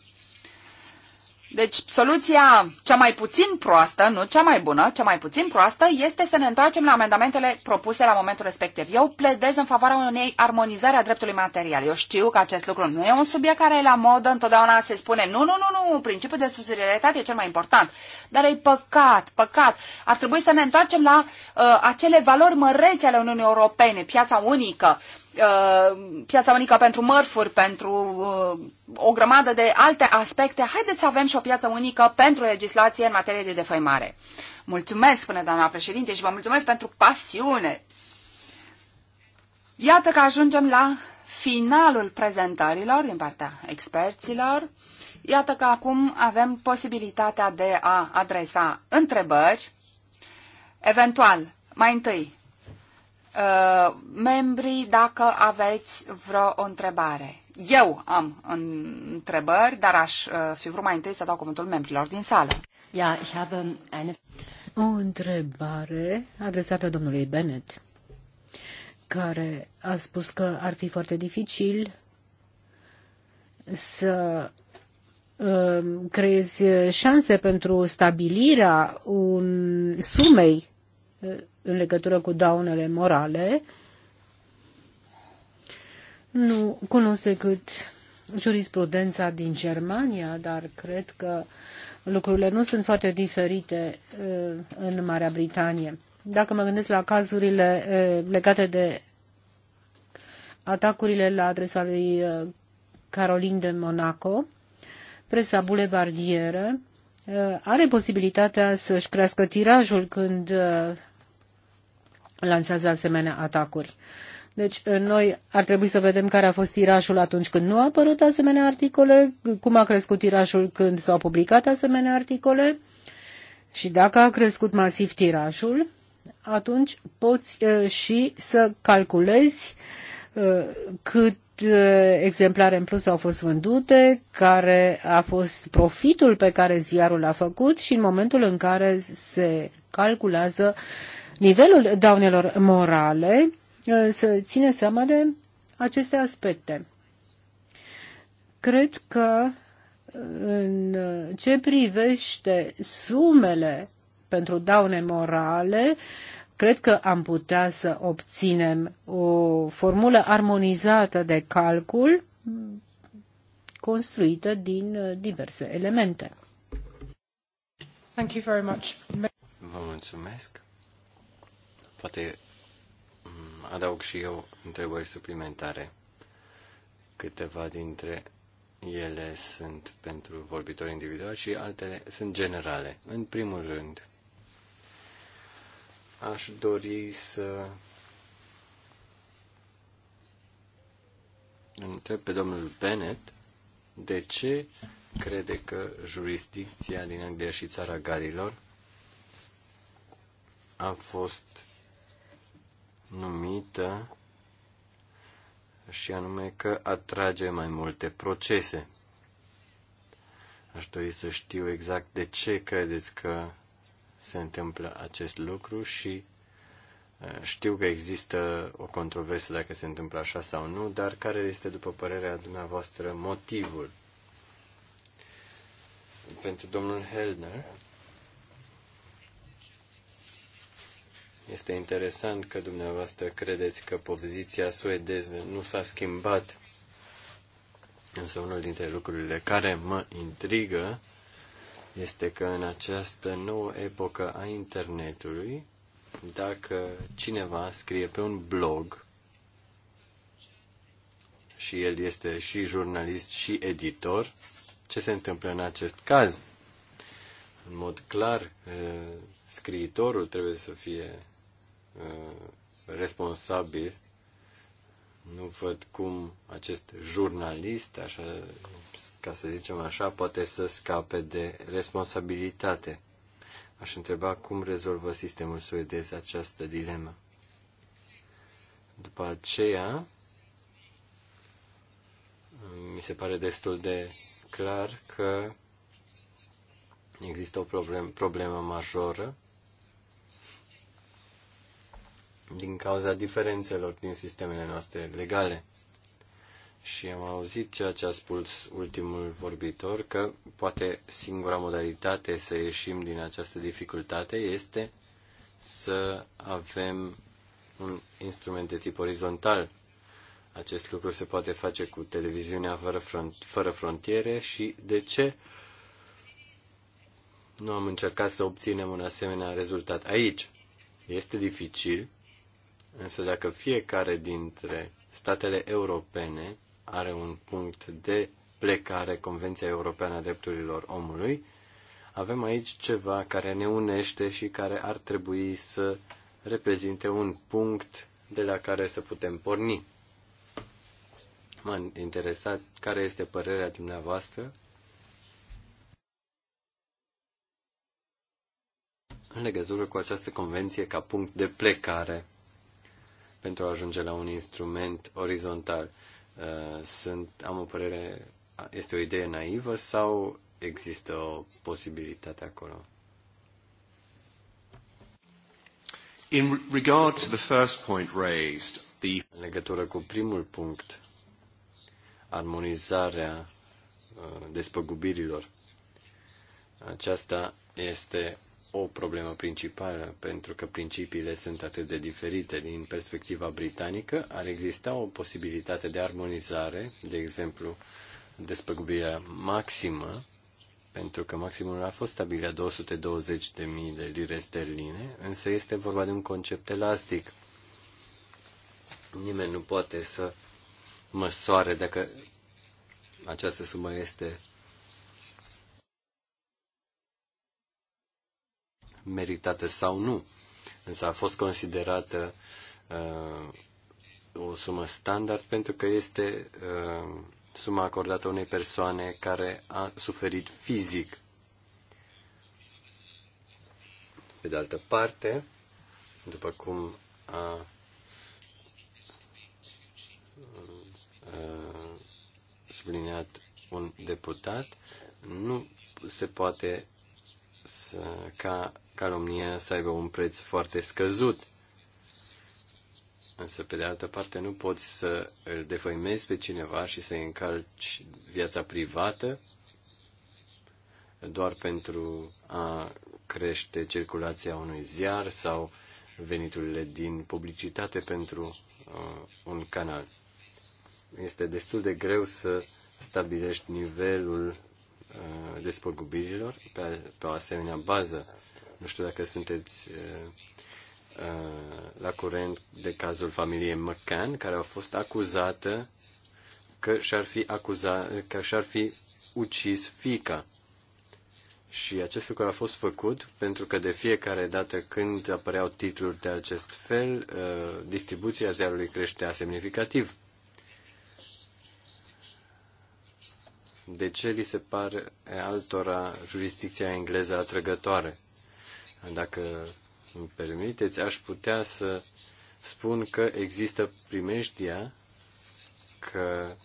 Deci soluția cea mai puțin proastă, nu cea mai bună, cea mai puțin proastă, este să ne întoarcem la amendamentele propuse la momentul respectiv. Eu pledez în favoarea unei armonizări a dreptului material. Eu știu că acest lucru nu e un subiect care e la modă, întotdeauna se spune nu, nu, nu, nu, principiul de subsidiaritate e cel mai important. Dar e păcat, păcat. Ar trebui să ne întoarcem la uh, acele valori mărețe ale Uniunii Europene, piața unică, uh, Uh, piața unică pentru mărfuri, pentru uh, o grămadă de alte aspecte, haideți să avem și o piață unică pentru legislație în materie de defăimare. Mulțumesc, spune doamna președinte, și vă mulțumesc pentru pasiune. Iată că ajungem la finalul prezentărilor din partea experților. Iată că acum avem posibilitatea de a adresa întrebări. Eventual, mai întâi, Uh, membrii dacă aveți vreo întrebare. Eu am întrebări, dar aș uh, fi vrut mai întâi să dau cuvântul membrilor din sală. Ja, ich habe eine... O întrebare adresată domnului Bennett, care a spus că ar fi foarte dificil să uh, creezi șanse pentru stabilirea un, sumei în legătură cu daunele morale. Nu cunosc decât jurisprudența din Germania, dar cred că lucrurile nu sunt foarte diferite uh, în Marea Britanie. Dacă mă gândesc la cazurile uh, legate de atacurile la adresa lui uh, Caroline de Monaco, presa bulevardieră are posibilitatea să-și crească tirajul când lansează asemenea atacuri. Deci eh, noi ar trebui să vedem care a fost tirajul atunci când nu a apărut asemenea articole, cum a crescut tirajul când s-au publicat asemenea articole și dacă a crescut masiv tirajul, atunci poți eh, și să calculezi eh, cât exemplare în plus au fost vândute, care a fost profitul pe care ziarul a făcut și în momentul în care se calculează uh, nivelul daunelor morale uh, să ține seama de aceste aspecte. Cred că în uh, ce privește sumele pentru daune morale, cred că am putea să obținem o formulă armonizată de calcul mm, construită din uh, diverse elemente. Thank you very much. Vă mulțumesc. Poate mm, adaug și eu întrebări suplimentare. Câteva dintre ele sunt pentru vorbitori individuali și altele sunt generale. În primul rând, aș dori să întreb pe domnul Bennett de ce crede că jurisdicția din Anglia și țara Garilor a fost numită și anume că atrage mai multe procese. Aș dori să știu exact de ce credeți că se întâmplă acest lucru și știu că există o controversă dacă se întâmplă așa sau nu, dar care este, după părerea dumneavoastră, motivul? Pentru domnul Helner, Este interesant că dumneavoastră credeți că poziția suedeză nu s-a schimbat. Însă unul dintre lucrurile care mă intrigă este că în această nouă epocă a internetului, dacă cineva scrie pe un blog și el este și jurnalist și editor, ce se întâmplă în acest caz? În mod clar, eh, scriitorul trebuie să fie Uh, responsabil. Nu văd cum acest jurnalist, așa, ca să zicem așa, poate să scape de responsabilitate. Aș întreba cum rezolvă sistemul suedez această dilemă. După aceea, mi se pare destul de clar că există o problem, problemă majoră din cauza diferențelor din sistemele noastre legale. Și am auzit ceea ce a spus ultimul vorbitor, că poate singura modalitate să ieșim din această dificultate este să avem un instrument de tip orizontal. Acest lucru se poate face cu televiziunea fără, front, fără frontiere și de ce nu am încercat să obținem un asemenea rezultat aici? Este dificil Însă dacă fiecare dintre statele europene are un punct de plecare Convenția Europeană a Drepturilor Omului, avem aici ceva care ne unește și care ar trebui să reprezinte un punct de la care să putem porni. M-a interesat care este părerea dumneavoastră în legătură cu această convenție ca punct de plecare pentru a ajunge la un instrument orizontal. Uh, sunt, am o părere, este o idee naivă sau există o posibilitate acolo? In regard to the first point raised, the... În legătură cu primul punct, armonizarea uh, despăgubirilor, aceasta este o problemă principală, pentru că principiile sunt atât de diferite. Din perspectiva britanică, ar exista o posibilitate de armonizare, de exemplu, despăgubirea maximă, pentru că maximul a fost stabilit la 220.000 de lire sterline, însă este vorba de un concept elastic. Nimeni nu poate să măsoare dacă această sumă este meritate sau nu. Însă a fost considerată uh, o sumă standard pentru că este uh, suma acordată unei persoane care a suferit fizic. Pe de altă parte, după cum a, a uh, subliniat un deputat, nu se poate să, ca calomnia să aibă un preț foarte scăzut. Însă, pe de altă parte, nu poți să îl defăimezi pe cineva și să-i încalci viața privată doar pentru a crește circulația unui ziar sau veniturile din publicitate pentru uh, un canal. Este destul de greu să stabilești nivelul uh, despăgubirilor pe, pe o asemenea bază. Nu știu dacă sunteți uh, uh, la curent de cazul familiei McCann, care a fost acuzată că și-ar fi, acuza, că și-ar fi ucis fica. Și acest lucru a fost făcut pentru că de fiecare dată când apăreau titluri de acest fel, uh, distribuția ziarului creștea semnificativ. De ce li se pare altora jurisdicția engleză atrăgătoare? Dacă îmi permiteți, aș putea să spun că există primejdia că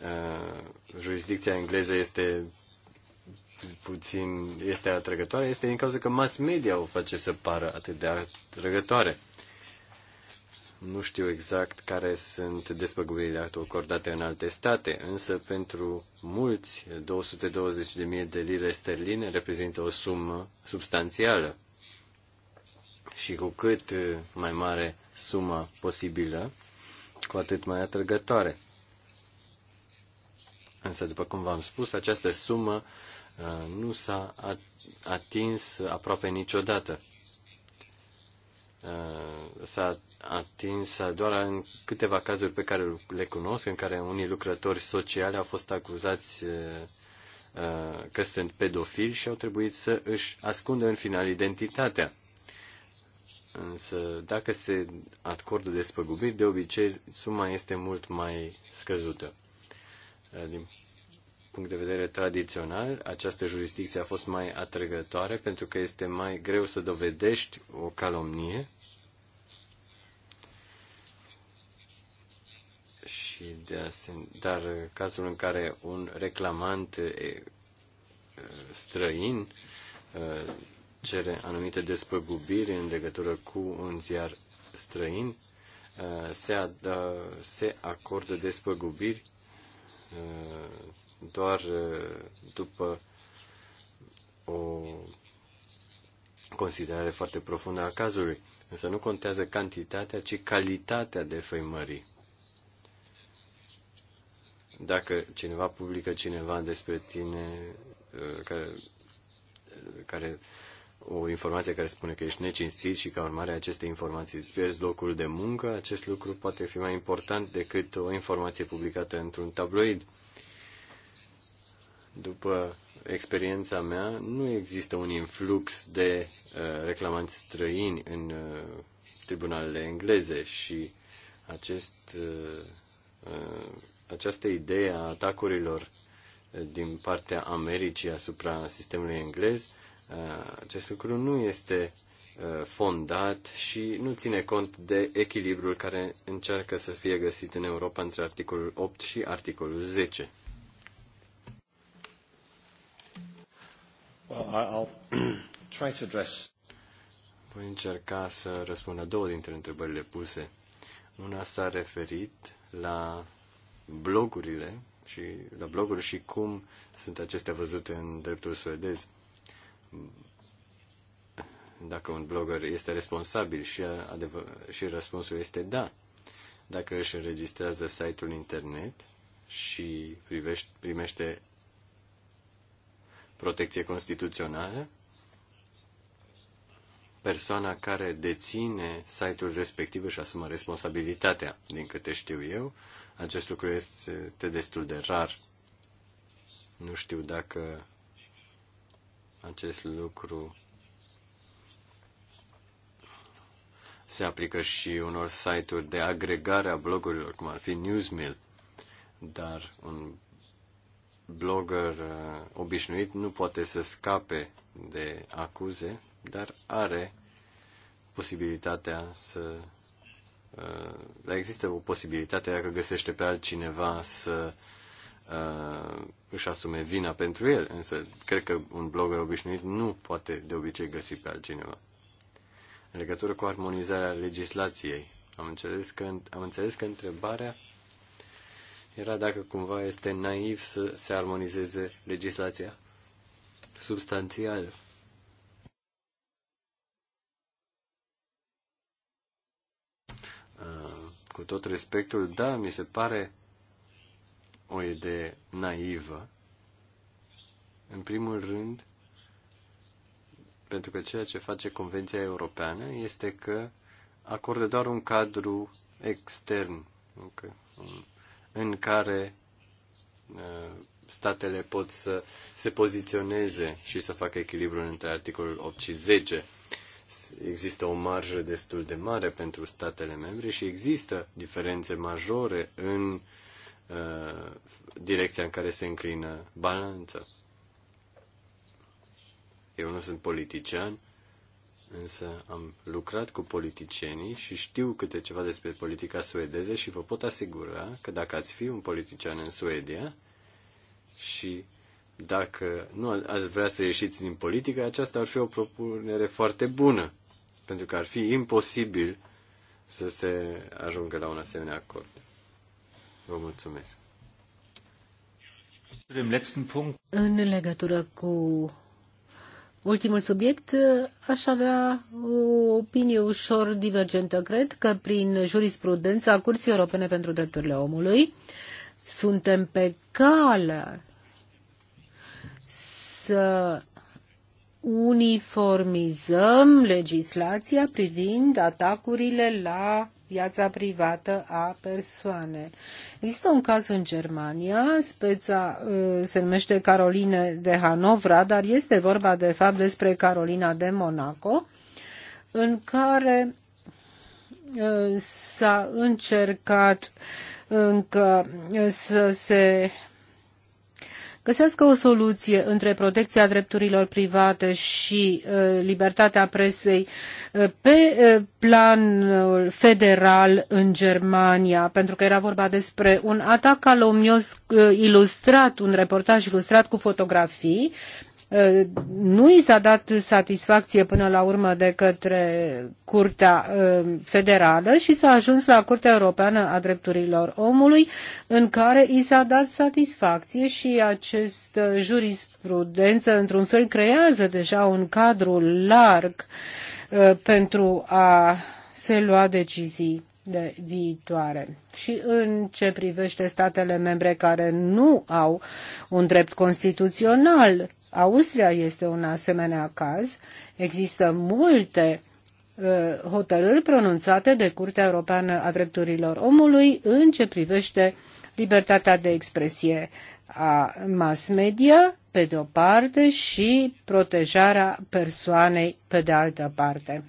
uh, jurisdicția engleză este puțin este atrăgătoare, este din cauza că mass media o face să pară atât de atrăgătoare. Nu știu exact care sunt despăgubirile acordate în alte state, însă pentru mulți 220.000 de lire sterline reprezintă o sumă substanțială. Și cu cât mai mare suma posibilă, cu atât mai atrăgătoare. Însă, după cum v-am spus, această sumă uh, nu s-a atins aproape niciodată. Uh, s-a atins doar în câteva cazuri pe care le cunosc, în care unii lucrători sociali au fost acuzați uh, uh, că sunt pedofili și au trebuit să își ascundă în final identitatea. Însă, dacă se acordă despăgubiri, de obicei suma este mult mai scăzută. Din punct de vedere tradițional, această jurisdicție a fost mai atrăgătoare pentru că este mai greu să dovedești o calomnie și de asemenea, dar cazul în care un reclamant străin cere anumite despăgubiri în legătură cu un ziar străin, se, ad, da, se acordă despăgubiri doar după o considerare foarte profundă a cazului. Însă nu contează cantitatea, ci calitatea făimării. Dacă cineva publică cineva despre tine uh, care, care o informație care spune că ești necinstit și ca urmare a acestei informații îți pierzi locul de muncă, acest lucru poate fi mai important decât o informație publicată într-un tabloid. După experiența mea, nu există un influx de uh, reclamanți străini în uh, tribunalele engleze și acest uh, uh, această idee a atacurilor eh, din partea Americii asupra sistemului englez, eh, acest lucru nu este eh, fondat și nu ține cont de echilibrul care încearcă să fie găsit în Europa între articolul 8 și articolul 10. Well, try to address... Voi încerca să răspund la două dintre întrebările puse. Una s-a referit la blogurile și la da, bloguri și cum sunt acestea văzute în dreptul suedez. Dacă un blogger este responsabil și, adevăr, și răspunsul este da. Dacă își înregistrează site-ul internet și privește, primește protecție constituțională, persoana care deține site-ul respectiv își asumă responsabilitatea, din câte știu eu, acest lucru este destul de rar. Nu știu dacă acest lucru se aplică și unor site-uri de agregare a blogurilor, cum ar fi Newsmill, dar un blogger uh, obișnuit nu poate să scape de acuze, dar are posibilitatea să dar există o posibilitate dacă găsește pe altcineva să uh, își asume vina pentru el, însă cred că un blogger obișnuit nu poate de obicei găsi pe altcineva. În legătură cu armonizarea legislației, am înțeles că, am înțeles că întrebarea era dacă cumva este naiv să se armonizeze legislația substanțială. Cu tot respectul, da, mi se pare o idee naivă. În primul rând, pentru că ceea ce face Convenția Europeană este că acordă doar un cadru extern în care uh, statele pot să se poziționeze și să facă echilibrul între articolul 8 și 10 există o marjă destul de mare pentru statele membre și există diferențe majore în uh, direcția în care se înclină balanța. Eu nu sunt politician, însă am lucrat cu politicienii și știu câte ceva despre politica suedeză și vă pot asigura că dacă ați fi un politician în Suedia și dacă nu ați vrea să ieșiți din politică, aceasta ar fi o propunere foarte bună, pentru că ar fi imposibil să se ajungă la un asemenea acord. Vă mulțumesc. În legătură cu ultimul subiect, aș avea o opinie ușor divergentă. Cred că prin jurisprudența Curții Europene pentru Drepturile Omului suntem pe cale să uniformizăm legislația privind atacurile la viața privată a persoane. Există un caz în Germania, speța uh, se numește Caroline de Hanovra, dar este vorba de fapt despre Carolina de Monaco, în care uh, s-a încercat încă să se găsească o soluție între protecția drepturilor private și uh, libertatea presei uh, pe uh, planul federal în Germania, pentru că era vorba despre un atac calomnios ilustrat, un reportaj ilustrat cu fotografii, nu i s-a dat satisfacție până la urmă de către Curtea Federală și s-a ajuns la Curtea Europeană a Drepturilor Omului, în care i s-a dat satisfacție și acest jurisprudență, într-un fel, creează deja un cadru larg pentru a se lua decizii de viitoare. Și în ce privește statele membre care nu au un drept constituțional, Austria este un asemenea caz. Există multe uh, hotărâri pronunțate de Curtea Europeană a Drepturilor Omului în ce privește libertatea de expresie a mass media, pe de o parte, și protejarea persoanei, pe de altă parte.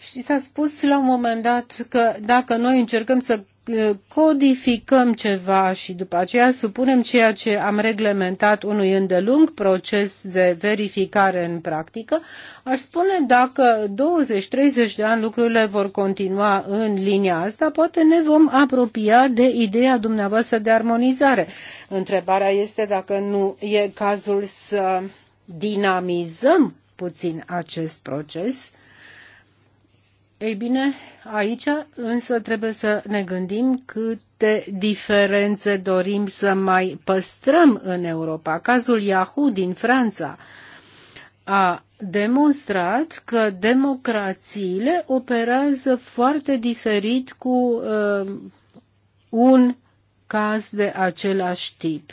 Și s-a spus la un moment dat că dacă noi încercăm să codificăm ceva și după aceea supunem ceea ce am reglementat unui îndelung proces de verificare în practică, aș spune dacă 20-30 de ani lucrurile vor continua în linia asta, poate ne vom apropia de ideea dumneavoastră de armonizare. Întrebarea este dacă nu e cazul să dinamizăm puțin acest proces ei bine, aici însă trebuie să ne gândim câte diferențe dorim să mai păstrăm în Europa. Cazul Yahoo din Franța a demonstrat că democrațiile operează foarte diferit cu uh, un caz de același tip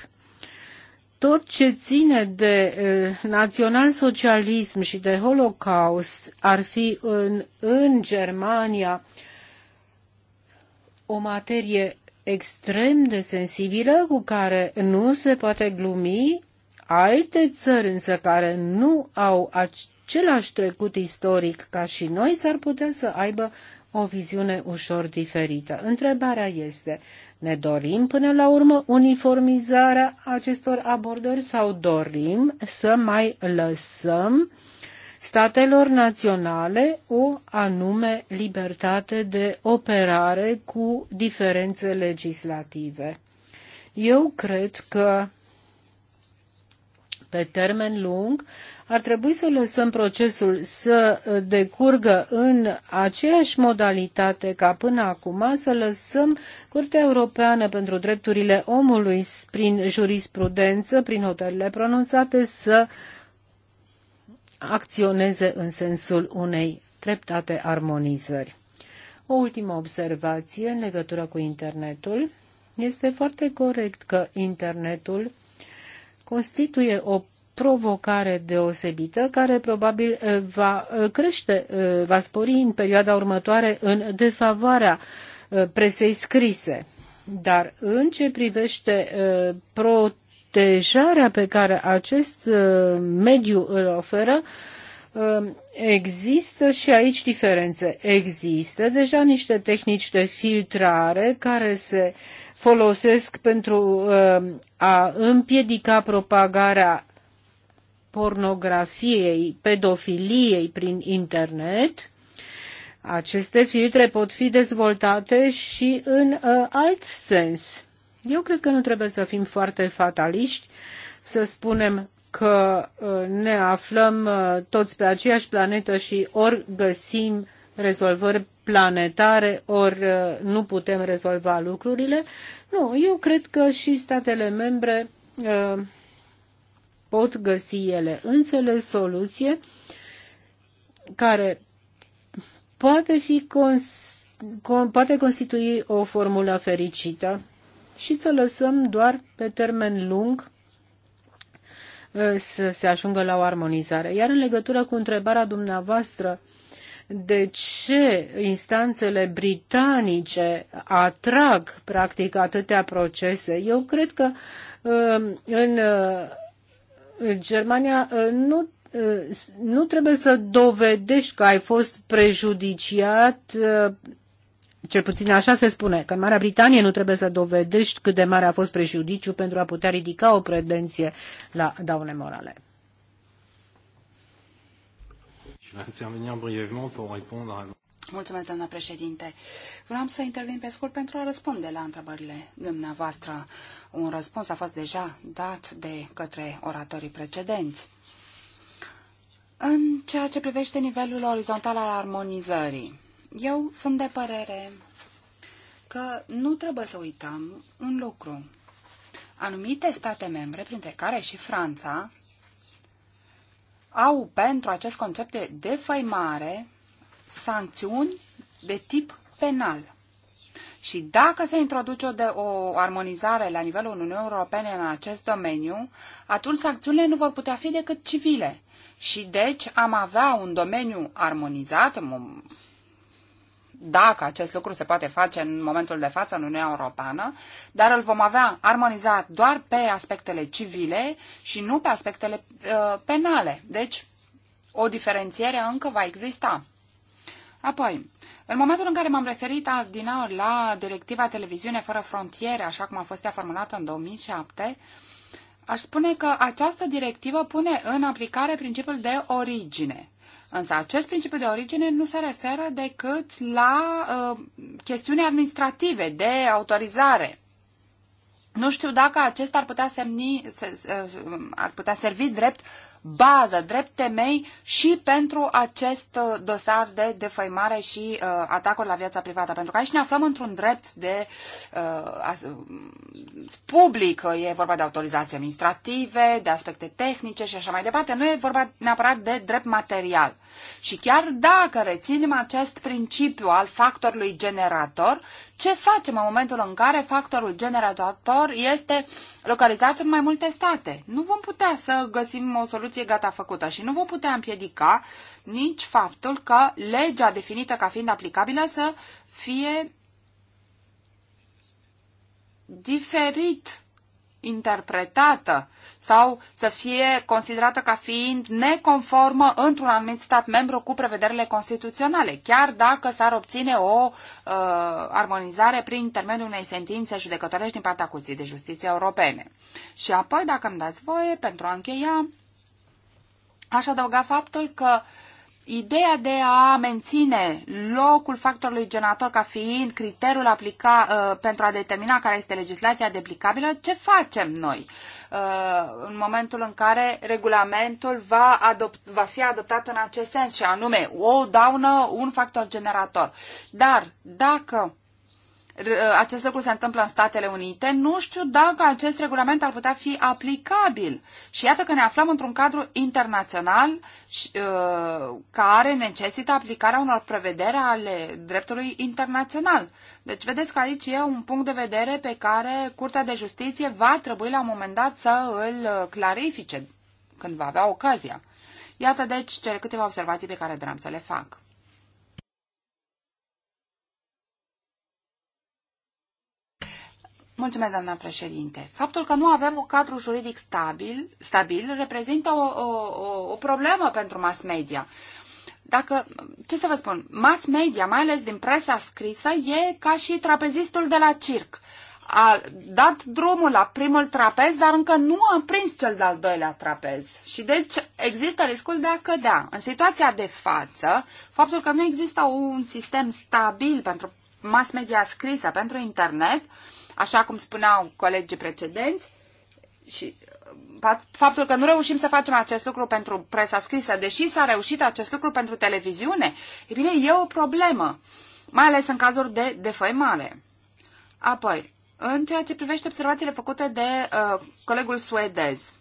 tot ce ține de național-socialism și de holocaust ar fi în, în Germania o materie extrem de sensibilă cu care nu se poate glumi. Alte țări însă care nu au același trecut istoric ca și noi s-ar putea să aibă o viziune ușor diferită. Întrebarea este, ne dorim până la urmă uniformizarea acestor abordări sau dorim să mai lăsăm statelor naționale o anume libertate de operare cu diferențe legislative? Eu cred că pe termen lung ar trebui să lăsăm procesul să decurgă în aceeași modalitate ca până acum, să lăsăm Curtea Europeană pentru Drepturile Omului prin jurisprudență, prin hotările pronunțate, să acționeze în sensul unei treptate armonizări. O ultimă observație în legătură cu internetul. Este foarte corect că internetul constituie o provocare deosebită care probabil uh, va uh, crește, uh, va spori în perioada următoare în defavoarea presei scrise. Dar în ce privește protejarea pe care acest mediu îl oferă, Există și aici diferențe. Există deja niște tehnici de filtrare care se folosesc pentru a împiedica propagarea pornografiei, pedofiliei prin internet, aceste filtre pot fi dezvoltate și în uh, alt sens. Eu cred că nu trebuie să fim foarte fataliști, să spunem că uh, ne aflăm uh, toți pe aceeași planetă și ori găsim rezolvări planetare, ori uh, nu putem rezolva lucrurile. Nu, eu cred că și statele membre uh, pot găsi ele însele soluție care poate, fi cons- con- poate constitui o formulă fericită și să lăsăm doar pe termen lung uh, să se ajungă la o armonizare. Iar în legătură cu întrebarea dumneavoastră, de ce instanțele britanice atrag practic atâtea procese. Eu cred că uh, în uh, Germania uh, nu uh, nu trebuie să dovedești că ai fost prejudiciat, uh, cel puțin așa se spune, că în Marea Britanie nu trebuie să dovedești cât de mare a fost prejudiciu pentru a putea ridica o pretenție la daune morale. Je vais intervenir brièvement pour répondre à Mulțumesc, doamna președinte. Vreau să intervin pe scurt pentru a răspunde la întrebările dumneavoastră. Un răspuns a fost deja dat de către oratorii precedenți. În ceea ce privește nivelul orizontal al armonizării, eu sunt de părere că nu trebuie să uităm un lucru. Anumite state membre, printre care și Franța, au pentru acest concept de defăimare sancțiuni de tip penal. Și dacă se introduce o, de, o armonizare la nivelul Uniunii Europene în acest domeniu, atunci sancțiunile nu vor putea fi decât civile. Și deci am avea un domeniu armonizat, dacă acest lucru se poate face în momentul de față în Uniunea Europeană, dar îl vom avea armonizat doar pe aspectele civile și nu pe aspectele uh, penale. Deci, o diferențiere încă va exista. Apoi, în momentul în care m-am referit din nou la directiva Televiziune fără frontiere, așa cum a fost ea formulată în 2007, aș spune că această directivă pune în aplicare principiul de origine. Însă acest principiu de origine nu se referă decât la uh, chestiuni administrative de autorizare. Nu știu dacă acesta ar putea, semni, se, ar putea servi drept bază, drept temei și pentru acest uh, dosar de defăimare și uh, atacuri la viața privată. Pentru că aici ne aflăm într-un drept de uh, um, public, e vorba de autorizații administrative, de aspecte tehnice și așa mai departe. Nu e vorba neapărat de drept material. Și chiar dacă reținem acest principiu al factorului generator, ce facem în momentul în care factorul generator este localizat în mai multe state. Nu vom putea să găsim o soluție gata făcută și nu vom putea împiedica nici faptul că legea definită ca fiind aplicabilă să fie diferit interpretată sau să fie considerată ca fiind neconformă într-un anumit stat membru cu prevederile constituționale, chiar dacă s-ar obține o uh, armonizare prin intermediul unei sentințe judecătorești din partea Curții de Justiție Europene. Și apoi, dacă îmi dați voie, pentru a încheia, aș adăuga faptul că uh, Ideea de a menține locul factorului generator ca fiind criteriul aplica, uh, pentru a determina care este legislația de aplicabilă, ce facem noi uh, în momentul în care regulamentul va, adopt, va fi adoptat în acest sens și anume o daună un factor generator. Dar dacă acest lucru se întâmplă în Statele Unite, nu știu dacă acest regulament ar putea fi aplicabil. Și iată că ne aflăm într-un cadru internațional uh, care necesită aplicarea unor prevedere ale dreptului internațional. Deci vedeți că aici e un punct de vedere pe care Curtea de Justiție va trebui la un moment dat să îl uh, clarifice când va avea ocazia. Iată deci cele câteva observații pe care vreau să le fac. Mulțumesc, doamna președinte. Faptul că nu avem un cadru juridic stabil, stabil reprezintă o, o, o problemă pentru mass media dacă, ce să vă spun, mass media, mai ales din presa scrisă, e ca și trapezistul de la circ. A dat drumul la primul trapez, dar încă nu a prins cel de-al doilea trapez. Și deci există riscul de a cădea. În situația de față, faptul că nu există un sistem stabil pentru mass media scrisă pentru internet, așa cum spuneau colegii precedenți, și uh, faptul că nu reușim să facem acest lucru pentru presa scrisă, deși s-a reușit acest lucru pentru televiziune, e bine, e o problemă, mai ales în cazuri de defăimare. Apoi, în ceea ce privește observațiile făcute de uh, colegul suedez,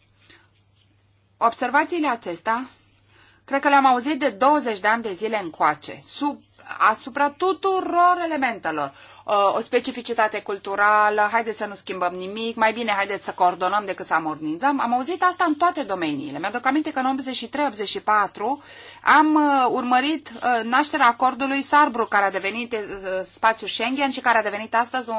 observațiile acestea, cred că le-am auzit de 20 de ani de zile încoace, sub asupra tuturor elementelor. Uh, o specificitate culturală, haideți să nu schimbăm nimic, mai bine haideți să coordonăm decât să amornizăm. Am auzit asta în toate domeniile. Mi-aduc aminte că în 83-84 am uh, urmărit uh, nașterea acordului Sarbru, care a devenit spațiu Schengen și care a devenit astăzi un,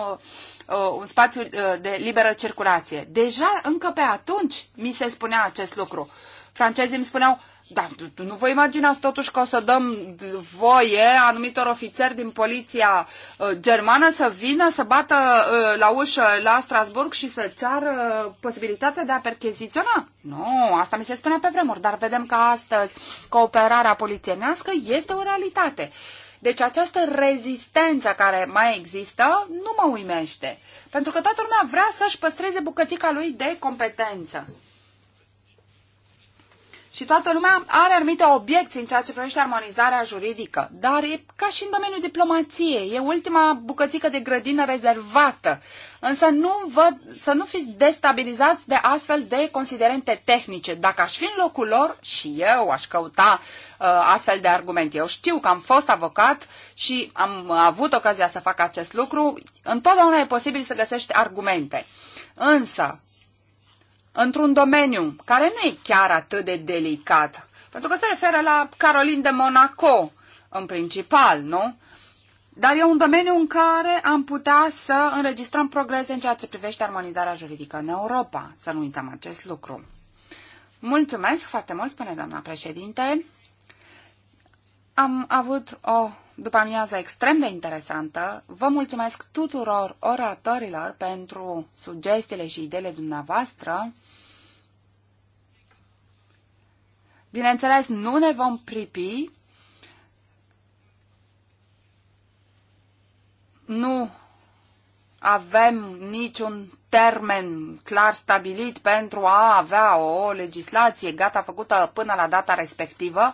un spațiu de liberă circulație. Deja încă pe atunci mi se spunea acest lucru. Francezii îmi spuneau, da, nu vă imaginați totuși că o să dăm voie anumitor ofițeri din poliția uh, germană să vină să bată uh, la ușă la Strasburg și să ceară posibilitatea de a percheziționa? Nu, asta mi se spune pe vremuri, dar vedem că astăzi cooperarea polițienească este o realitate. Deci această rezistență care mai există nu mă uimește, pentru că toată lumea vrea să-și păstreze bucățica lui de competență. Și toată lumea are anumite obiecții în ceea ce privește armonizarea juridică, dar e ca și în domeniul diplomației, e ultima bucățică de grădină rezervată. Însă nu vă să nu fiți destabilizați de astfel de considerente tehnice. Dacă aș fi în locul lor și eu aș căuta uh, astfel de argumente. Eu știu că am fost avocat și am avut ocazia să fac acest lucru. Întotdeauna e posibil să găsești argumente. Însă, într-un domeniu care nu e chiar atât de delicat, pentru că se referă la Caroline de Monaco, în principal, nu? Dar e un domeniu în care am putea să înregistrăm progrese în ceea ce privește armonizarea juridică în Europa. Să nu uităm acest lucru. Mulțumesc foarte mult, spune doamna președinte. Am avut o după amiază extrem de interesantă. Vă mulțumesc tuturor oratorilor pentru sugestiile și ideile dumneavoastră. Bineînțeles, nu ne vom pripi. Nu avem niciun termen clar stabilit pentru a avea o legislație gata făcută până la data respectivă.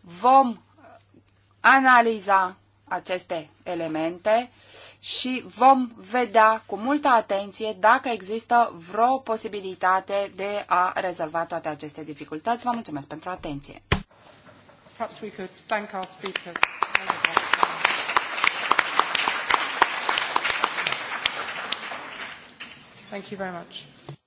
Vom analiza aceste elemente și vom vedea cu multă atenție dacă există vreo posibilitate de a rezolva toate aceste dificultăți. Vă mulțumesc pentru atenție. Thank you very much.